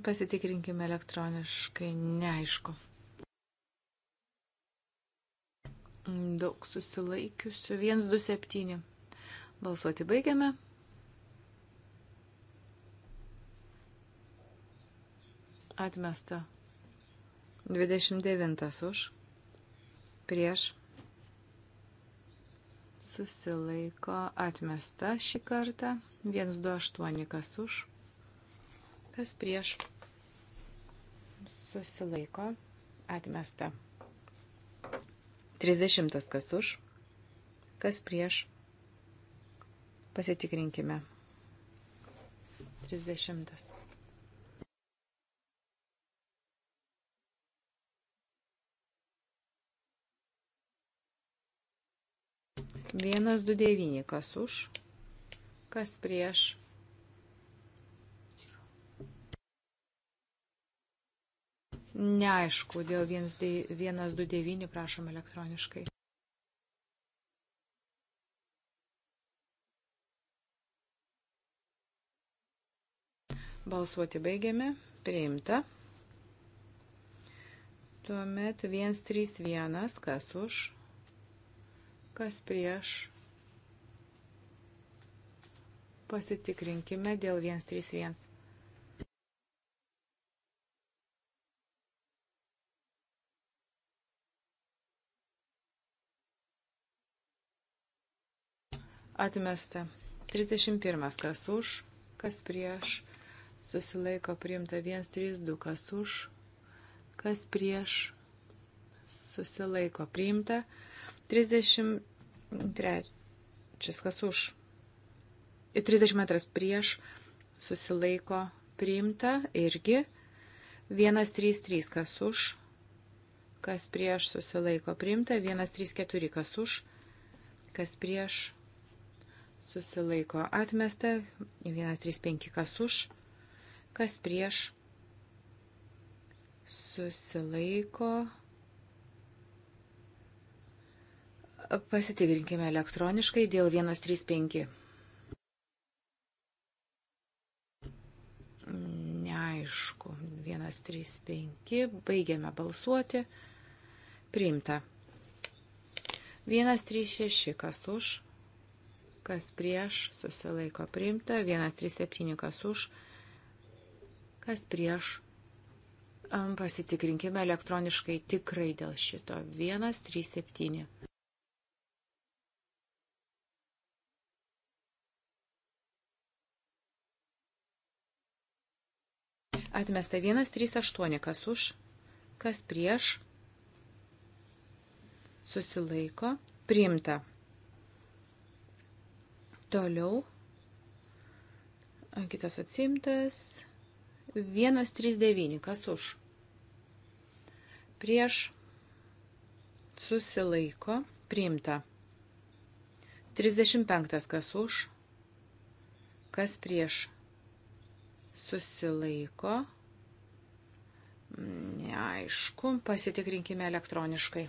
Pasitikrinkime elektroniškai. Neaišku. Daug susilaikiusių. 127. Balsuoti baigiame. Atmesta. 29 už, prieš, susilaiko, atmesta šį kartą, 128 kas už, kas prieš, susilaiko, atmesta. 30 kas už, kas prieš, pasitikrinkime. 30. 129. Kas už? Kas prieš? Neaišku, dėl 129 prašom elektroniškai. Balsuoti baigiame. Priimta. Tuomet 131, kas už, kas prieš. Pasitikrinkime dėl 131. Atmesta. 31. Kas už, kas prieš. Susilaiko priimta 132. Kas už, kas prieš. Susilaiko priimta 132 33. Kas už? 32 prieš susilaiko priimta irgi. 133 kas už, kas prieš susilaiko priimta, 134 kas už, kas prieš susilaiko atmesta, 135 kas už, kas prieš susilaiko atmesta Pasitikrinkime elektroniškai dėl 135. Neaišku, 135. Baigiame balsuoti. Priimta. 136 kas už, kas prieš, susilaiko priimta. 137 kas už, kas prieš. Pasitikrinkime elektroniškai tikrai dėl šito. 137. Atmesta 138, kas už, kas prieš, susilaiko, priimta. Toliau, kitas atsimtas, 139, kas už, prieš, susilaiko, priimta. 35, kas už, kas prieš, susilaiko. Neaišku, pasitikrinkime elektroniškai.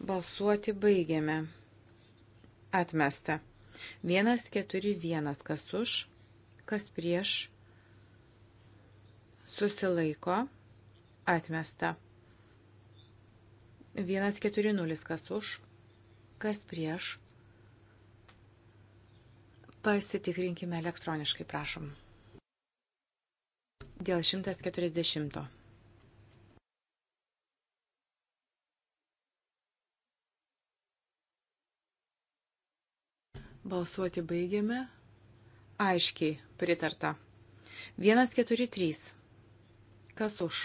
Balsuoti baigiame. Atmesta. 141 kas už, kas prieš, susilaiko, atmesta. 140 kas už, kas prieš. Pasitikrinkime elektroniškai, prašom. Dėl 140. Balsuoti baigiame. Aiškiai pritarta. 143. Kas už?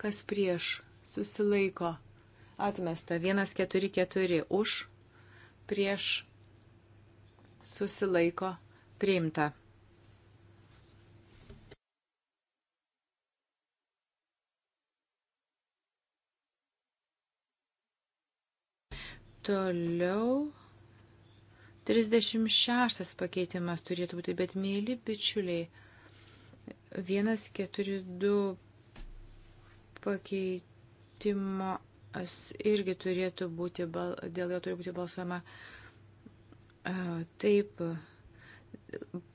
Kas prieš? Susilaiko. Atmesta 144 už, prieš susilaiko priimta. Toliau 36 pakeitimas turėtų būti, bet mėly bičiuliai, 142 pakeitimo irgi turėtų būti, dėl jo turi būti balsuojama taip.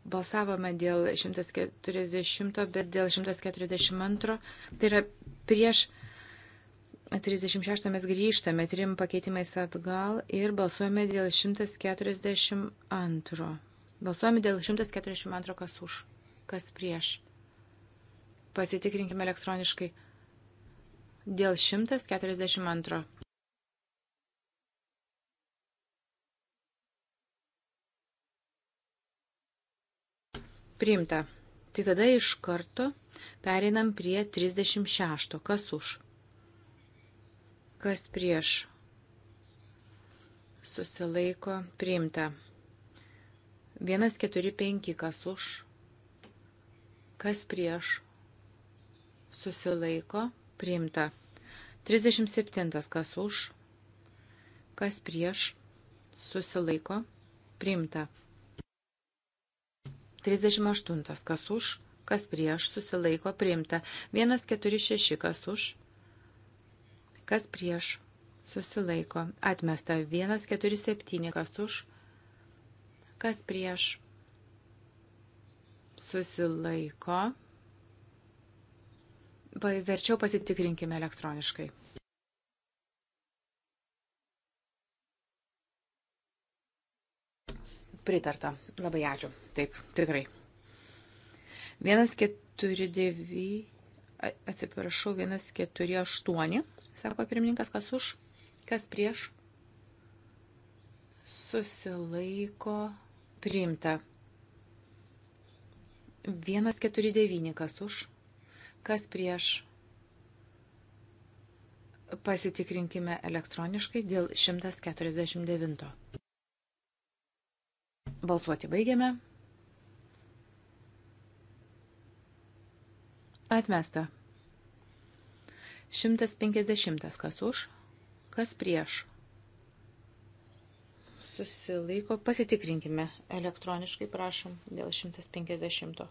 Balsavome dėl 140, bet dėl 142, tai yra prieš 36 mes grįžtame trim pakeitimais atgal ir balsuojame dėl 142. Balsuojame dėl 142, kas už, kas prieš. Pasitikrinkime elektroniškai dėl 142. Priimta. Tai tada iš karto pereinam prie 36. Kas už? Kas prieš? Susilaiko. Priimta. 145. Kas už? Kas prieš? Susilaiko. Priimta. 37. Kas už? Kas prieš? Susilaiko. Priimta. 38. Kas už? Kas prieš? Susilaiko. Priimta. 146. Kas už? Kas prieš? Susilaiko. Atmesta. 147. Kas už? Kas prieš? Susilaiko. Verčiau pasitikrinkime elektroniškai. Pritarta. Labai ačiū. Taip, tikrai. Vienas keturi devy, atsiprašau, vienas keturi aštuoni, sako pirmininkas, kas už, kas prieš. Susilaiko priimta. Vienas keturi devyni, kas už kas prieš. Pasitikrinkime elektroniškai dėl 149. Balsuoti baigiame. Atmesta. 150. Kas už, kas prieš. Susilaiko. Pasitikrinkime elektroniškai, prašom, dėl 150.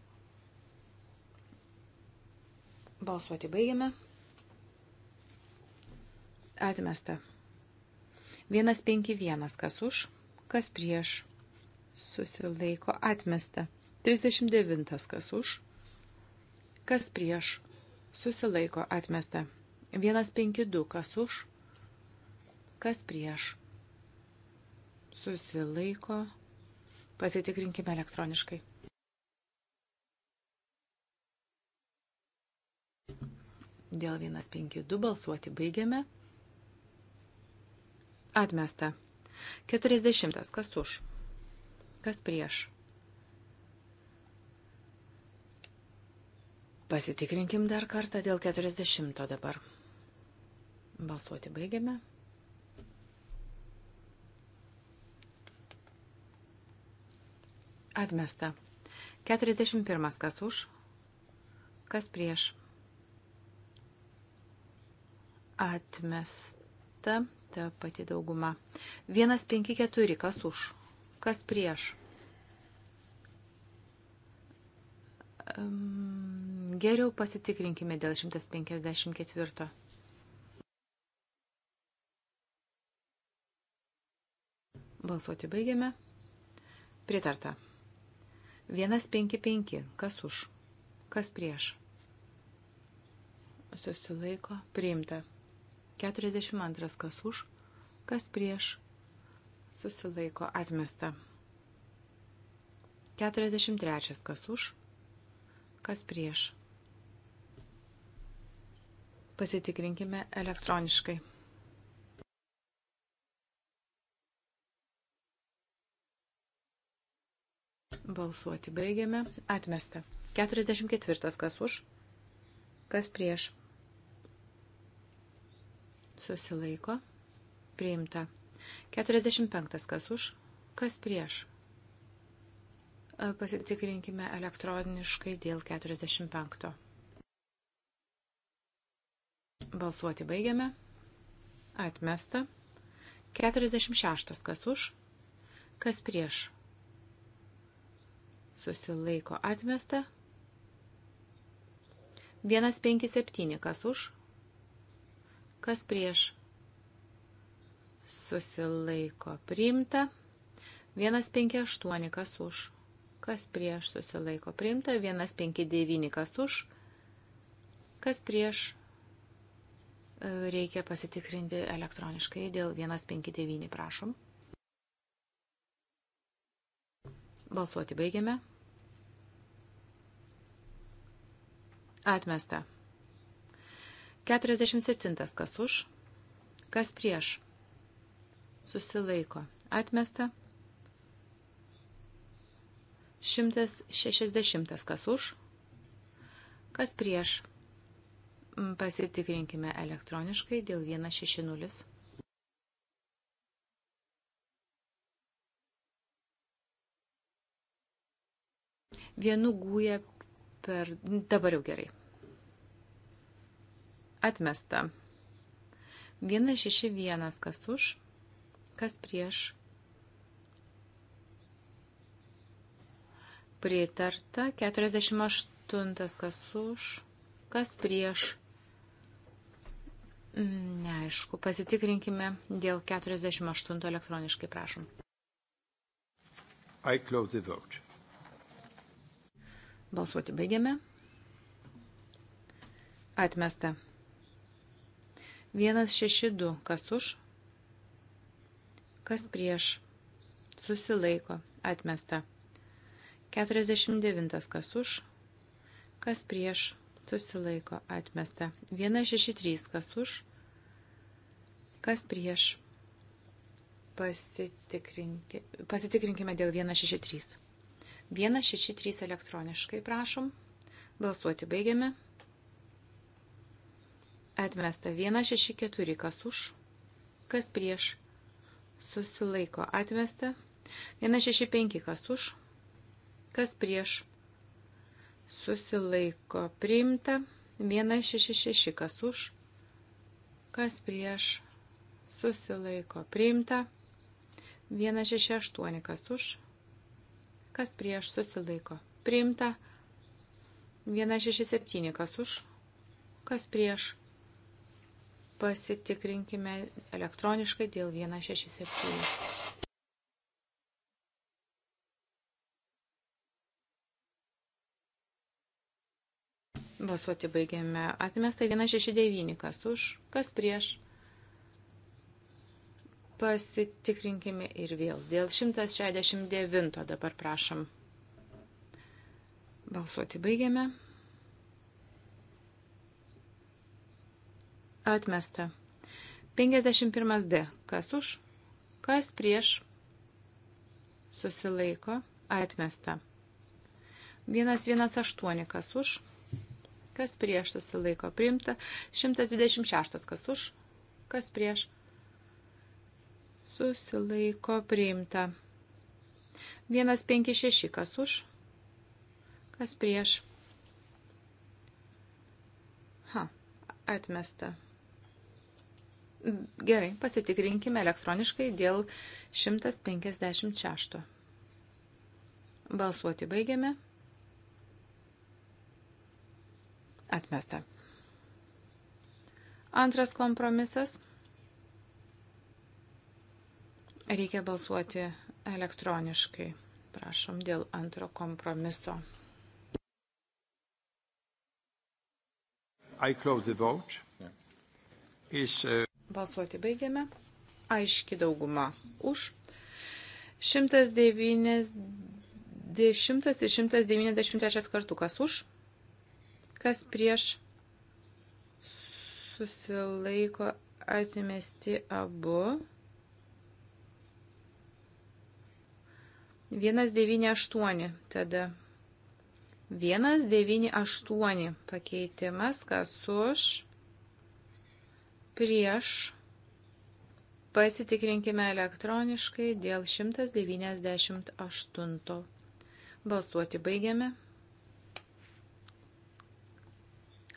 Balsuoti baigiame. Atmesta. 151. Kas už, kas prieš. Susilaiko. Atmesta. 39. Kas už, kas prieš. Susilaiko. Atmesta. 152. Kas už, kas prieš. Susilaiko. Pasitikrinkime elektroniškai. Dėl 152 balsuoti baigiame. Atmesta. 40. Kas už? Kas prieš? Pasitikrinkim dar kartą dėl 40 dabar. Balsuoti baigiame. Atmesta. 41. Kas už? Kas prieš? Atmesta ta pati dauguma. 154, kas už, kas prieš. Geriau pasitikrinkime dėl 154. Balsuoti baigiame. Pritarta. 155. Kas už? Kas prieš? Susilaiko. Priimta. 42 kas už, kas prieš, susilaiko atmesta. 43 kas už, kas prieš. Pasitikrinkime elektroniškai. Balsuoti baigiame. Atmesta. 44 kas už, kas prieš susilaiko, priimta. 45. Kas už, kas prieš. E, pasitikrinkime elektroniškai dėl 45. Balsuoti baigiame. Atmesta. 46. Kas už, kas prieš. Susilaiko atmesta. 157. Kas už, kas prieš susilaiko priimta, 158 kas už, kas prieš susilaiko priimta, 159 kas už, kas prieš e, reikia pasitikrinti elektroniškai dėl 159 prašom. Balsuoti baigiame. Atmesta. 47. Kas už? Kas prieš? Susilaiko. Atmesta. 160. Kas už? Kas prieš? Pasitikrinkime elektroniškai dėl 160. Vienu gūja per... Dabar jau gerai. Atmesta. 161 kas už, kas prieš. Pritarta. 48 kas už, kas prieš. Neaišku, pasitikrinkime dėl 48 elektroniškai, prašom. I close the vote. Balsuoti baigiame. Atmesta. 162. Kas už? Kas prieš? Susilaiko. Atmesta. 49. Kas už? Kas prieš? Susilaiko. Atmesta. 163. Kas už? Kas prieš? Pasitikrinki, pasitikrinkime dėl 163. 163 elektroniškai prašom. Balsuoti baigiame. Atmesta 164, kas už, kas prieš, susilaiko. Atmesta 165, kas už, kas prieš, susilaiko. Priimta 166, kas už, kas prieš, susilaiko. Priimta 168, kas už, kas prieš, susilaiko. Priimta 167, kas už, kas prieš, Pasitikrinkime elektroniškai dėl 167. Balsuoti baigėme. Atmesta 169. Kas už, kas prieš. Pasitikrinkime ir vėl. Dėl 169 dabar prašom. Balsuoti baigėme. Atmesta. 51D. Kas už? Kas prieš? Susilaiko. Atmesta. 118. Kas už? Kas prieš susilaiko? Primta. 126. Kas už? Kas prieš? Susilaiko. Primta. 156. Kas už? Kas prieš? Ha. Atmesta. Gerai, pasitikrinkime elektroniškai dėl 156. Balsuoti baigiame. Atmesta. Antras kompromisas. Reikia balsuoti elektroniškai. Prašom dėl antro kompromiso. I close the vote. Is, uh... Balsuoti baigiame. Aiški dauguma už. 190 ir 193 kartų. Kas už? Kas prieš? Susilaiko atmesti abu. 198 tada. 198 pakeitimas, kas už, prieš pasitikrinkime elektroniškai dėl 198. Balsuoti baigiame.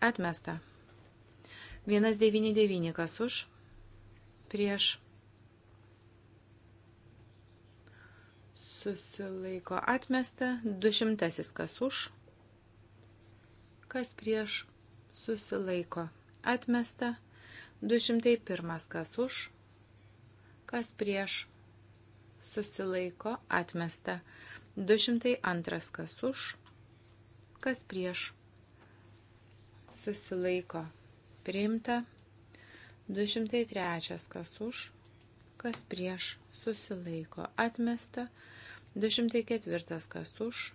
Atmesta. 199 kas už, prieš susilaiko atmesta, 200 kas už, kas prieš susilaiko atmesta, 200 201 kas už, kas prieš, susilaiko, atmesta. 202 kas už, kas prieš, susilaiko, priimta. 203 kas už, kas prieš, susilaiko, atmesta. 204 kas už,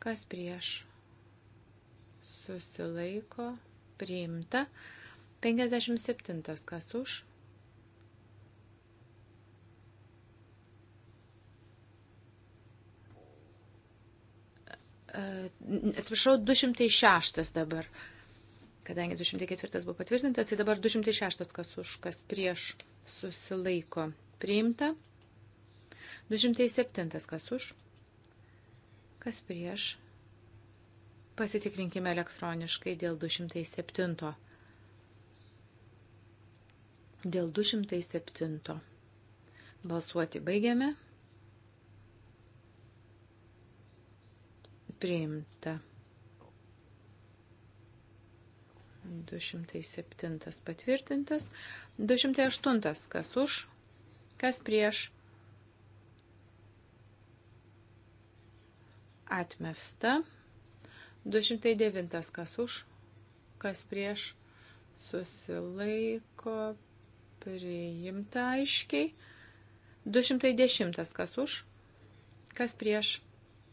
kas prieš, susilaiko, priimta. 57. kas už. E, atsiprašau, 206 dabar, kadangi 204 buvo patvirtintas, tai dabar 206 kas už, kas prieš susilaiko priimta. 207 kas už, kas prieš. Pasitikrinkime elektroniškai dėl 207. Dėl 207. Balsuoti baigiame. Priimta. 207 patvirtintas. 208 kas už, kas prieš. Atmesta. 209 kas už, kas prieš. Susilaiko priimta aiškiai. 210 kas už, kas prieš,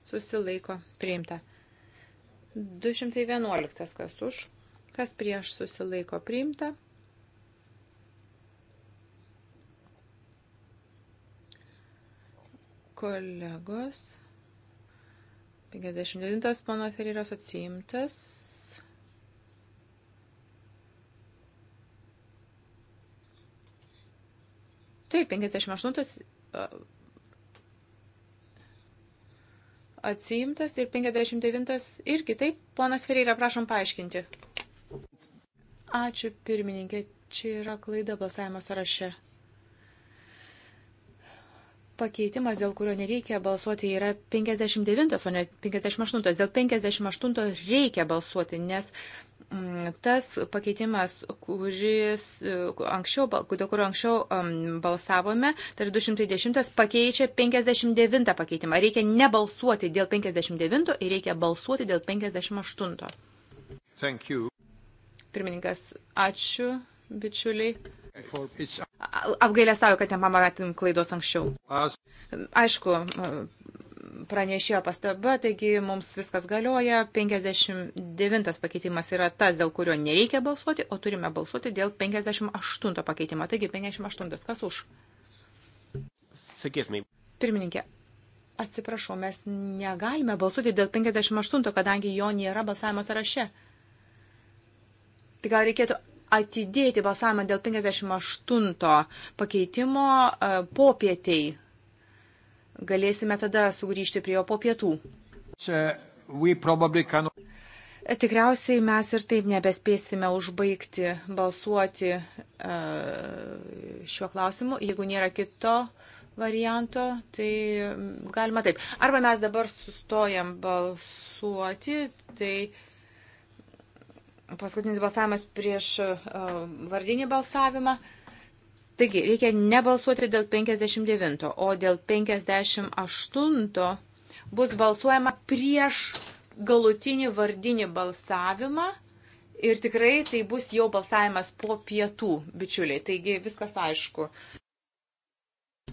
susilaiko, priimta. 211 kas už, kas prieš, susilaiko, priimta. 211 kolegos. 59 pono Ferreiros atsiimtas. Taip, 58 atsiimtas ir 59 irgi taip. Ponas Ferreira, prašom paaiškinti. Ačiū, pirmininkė. Čia yra klaida balsavimo sąraše. Pakeitimas, dėl kurio nereikia balsuoti, yra 59, o ne 58. Dėl 58 reikia balsuoti, nes Mm, tas pakeitimas, kuris e, anksčiau, dėl kurio anksčiau balsavome, tai yra 210 pakeičia 59 pakeitimą. Reikia nebalsuoti dėl 59 ir reikia balsuoti dėl 58. Pirmininkas, ačiū, bičiuliai. Apgailę savo, kad nemama atim klaidos anksčiau. Aišku, pranešėjo pastaba, taigi mums viskas galioja. 59 pakeitimas yra tas, dėl kurio nereikia balsuoti, o turime balsuoti dėl 58 pakeitimo. Taigi 58, kas už? Pirmininkė, atsiprašau, mes negalime balsuoti dėl 58, kadangi jo nėra balsavimo sąraše. Tai gal reikėtų atidėti balsavimą dėl 58 pakeitimo e, popietiai Galėsime tada sugrįžti prie jo po pietų. Čia, can... Tikriausiai mes ir taip nebespėsime užbaigti balsuoti e, šiuo klausimu. Jeigu nėra kito varianto, tai galima taip. Arba mes dabar sustojam balsuoti, tai paskutinis balsavimas prieš e, vardinį balsavimą. Taigi, reikia nebalsuoti dėl 59, o dėl 58 bus balsuojama prieš galutinį vardinį balsavimą ir tikrai tai bus jau balsavimas po pietų, bičiuliai. Taigi, viskas aišku.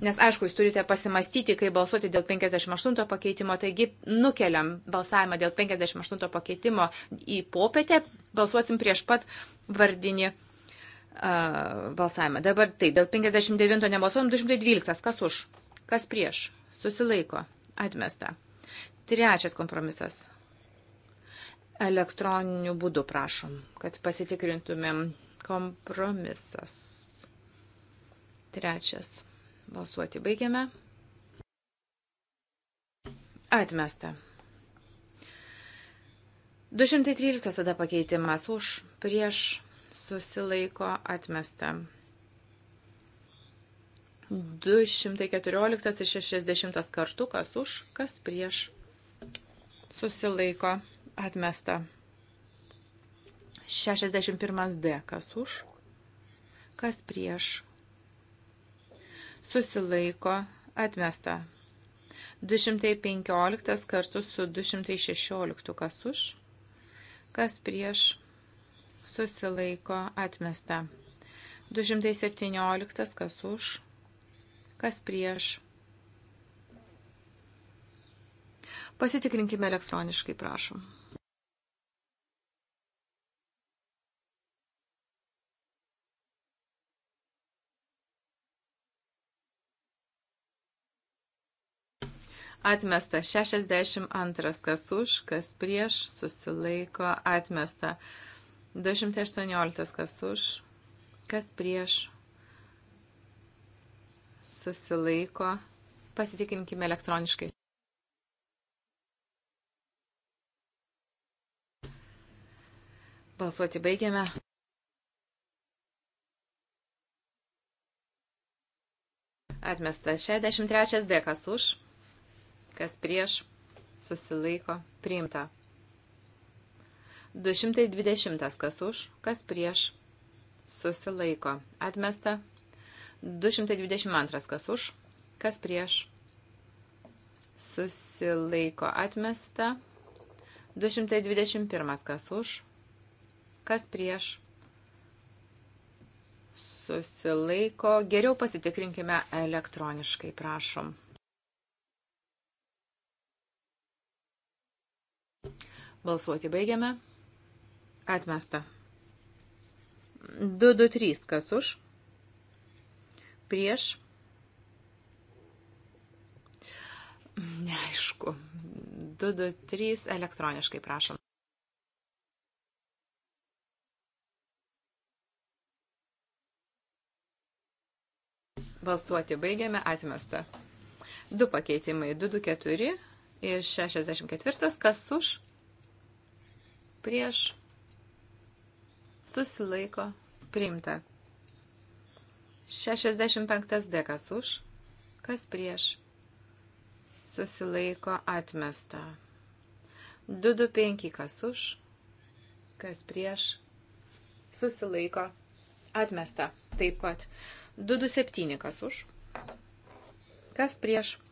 Nes aišku, jūs turite pasimastyti, kai balsuoti dėl 58 pakeitimo, taigi nukeliam balsavimą dėl 58 pakeitimo į popietę, balsuosim prieš pat vardinį balsavimą balsavimą. Dabar taip, dėl 59 nebalsuojam, 212. Kas už? Kas prieš? Susilaiko. Atmesta. Trečias kompromisas. Elektroniniu būdu prašom, kad pasitikrintumėm kompromisas. Trečias. Balsuoti baigiame. Atmesta. 213 tada pakeitimas už prieš susilaiko atmesta. 214 ir 60 kartų, kas už, kas prieš. Susilaiko atmesta. 61 D, kas už, kas prieš. Susilaiko atmesta. 215 kartu su 216, kas už, kas prieš susilaiko atmesta. 217 kas už, kas prieš. Pasitikrinkime elektroniškai, prašom. atmesta 62, kas už, kas prieš, susilaiko, atmesta 218 kas už, kas prieš, susilaiko, pasitikinkime elektroniškai. Balsuoti baigiame. Atmesta 63 dėkas už, kas prieš, susilaiko, priimta. 220 kas už, kas prieš, susilaiko, atmesta. 222 kas už, kas prieš, susilaiko, atmesta. 221 kas už, kas prieš, susilaiko. Geriau pasitikrinkime elektroniškai, prašom. Balsuoti baigiame. Atmesta. 223 kas už. Prieš. Neaišku. 223 elektroniškai prašom. Balsuoti baigiame, atmesta. Du pakeitimai, 224 ir 64, kas už, prieš, susilaiko priimta. 65 D kas už, kas prieš, susilaiko atmesta. 225 kas už, kas prieš, susilaiko atmesta. Taip pat 227 kas už, kas prieš, susilaiko atmesta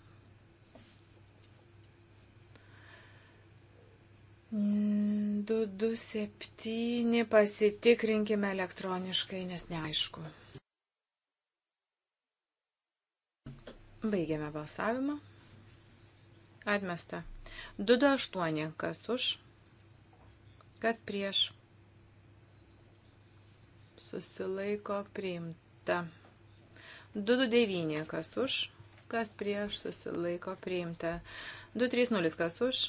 227 mm, pasitikrinkime elektroniškai, nes neaišku. Baigiame balsavimą. Atmesta. 228 kas už, kas prieš. Susilaiko priimta. 229 kas už, kas prieš susilaiko priimta. 230 kas už,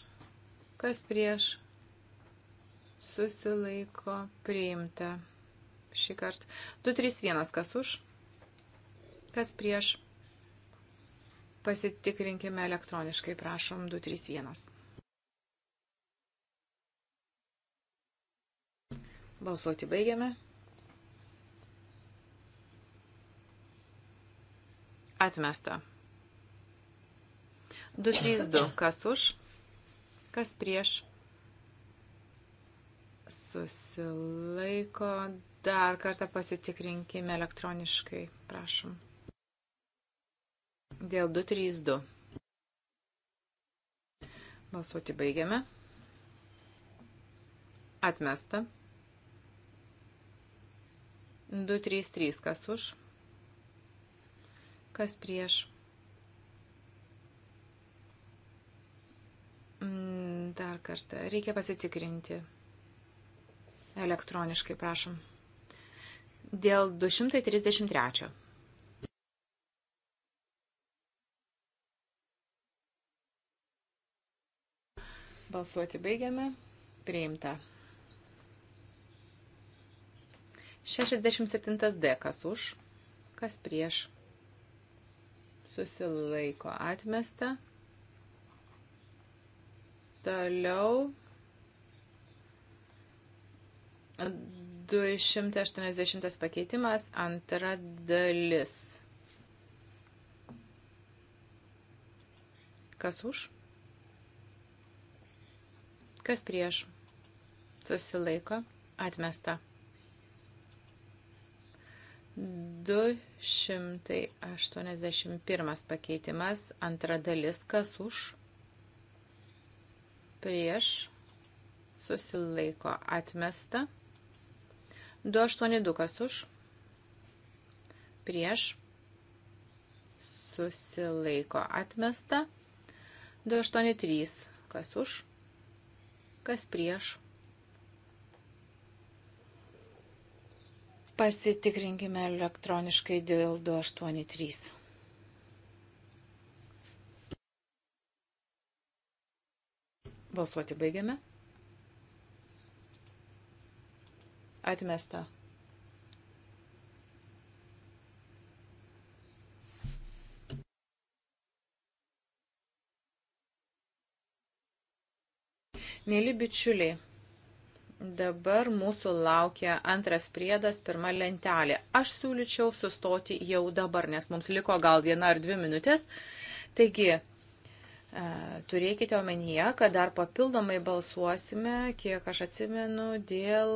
kas prieš susilaiko priimta. Šį kartą 231, kas už, kas prieš. Pasitikrinkime elektroniškai, prašom 231. Balsuoti baigiame. Atmesta. 232, kas už kas prieš susilaiko. Dar kartą pasitikrinkime elektroniškai, prašom. Dėl 232. Balsuoti baigiame. Atmesta. 233, kas už, kas prieš Dar kartą, reikia pasitikrinti elektroniškai, prašom. Dėl 233. Balsuoti baigiame. Priimta. 67D. Kas už, kas prieš. Susilaiko atmesta. Toliau 280 pakeitimas, antra dalis. Kas už? Kas prieš? Susilaiko. Atmesta. 281 pakeitimas, antra dalis, kas už, prieš, susilaiko atmesta. 282 kas už, prieš, susilaiko atmesta. 283 kas už, kas prieš. Pasitikrinkime elektroniškai dėl 283. Balsuoti baigiame. Atmesta. Mėly bičiuliai, dabar mūsų laukia antras priedas, pirma lentelė. Aš siūlyčiau sustoti jau dabar, nes mums liko gal viena ar dvi minutės. Taigi, E, turėkite omenyje, kad dar papildomai balsuosime, kiek aš atsimenu, dėl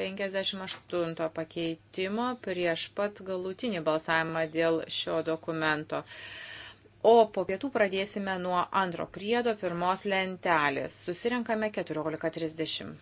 58 pakeitimo prieš pat galutinį balsavimą dėl šio dokumento. O po pietų pradėsime nuo antro priedo pirmos lentelės. Susirinkame 14.30.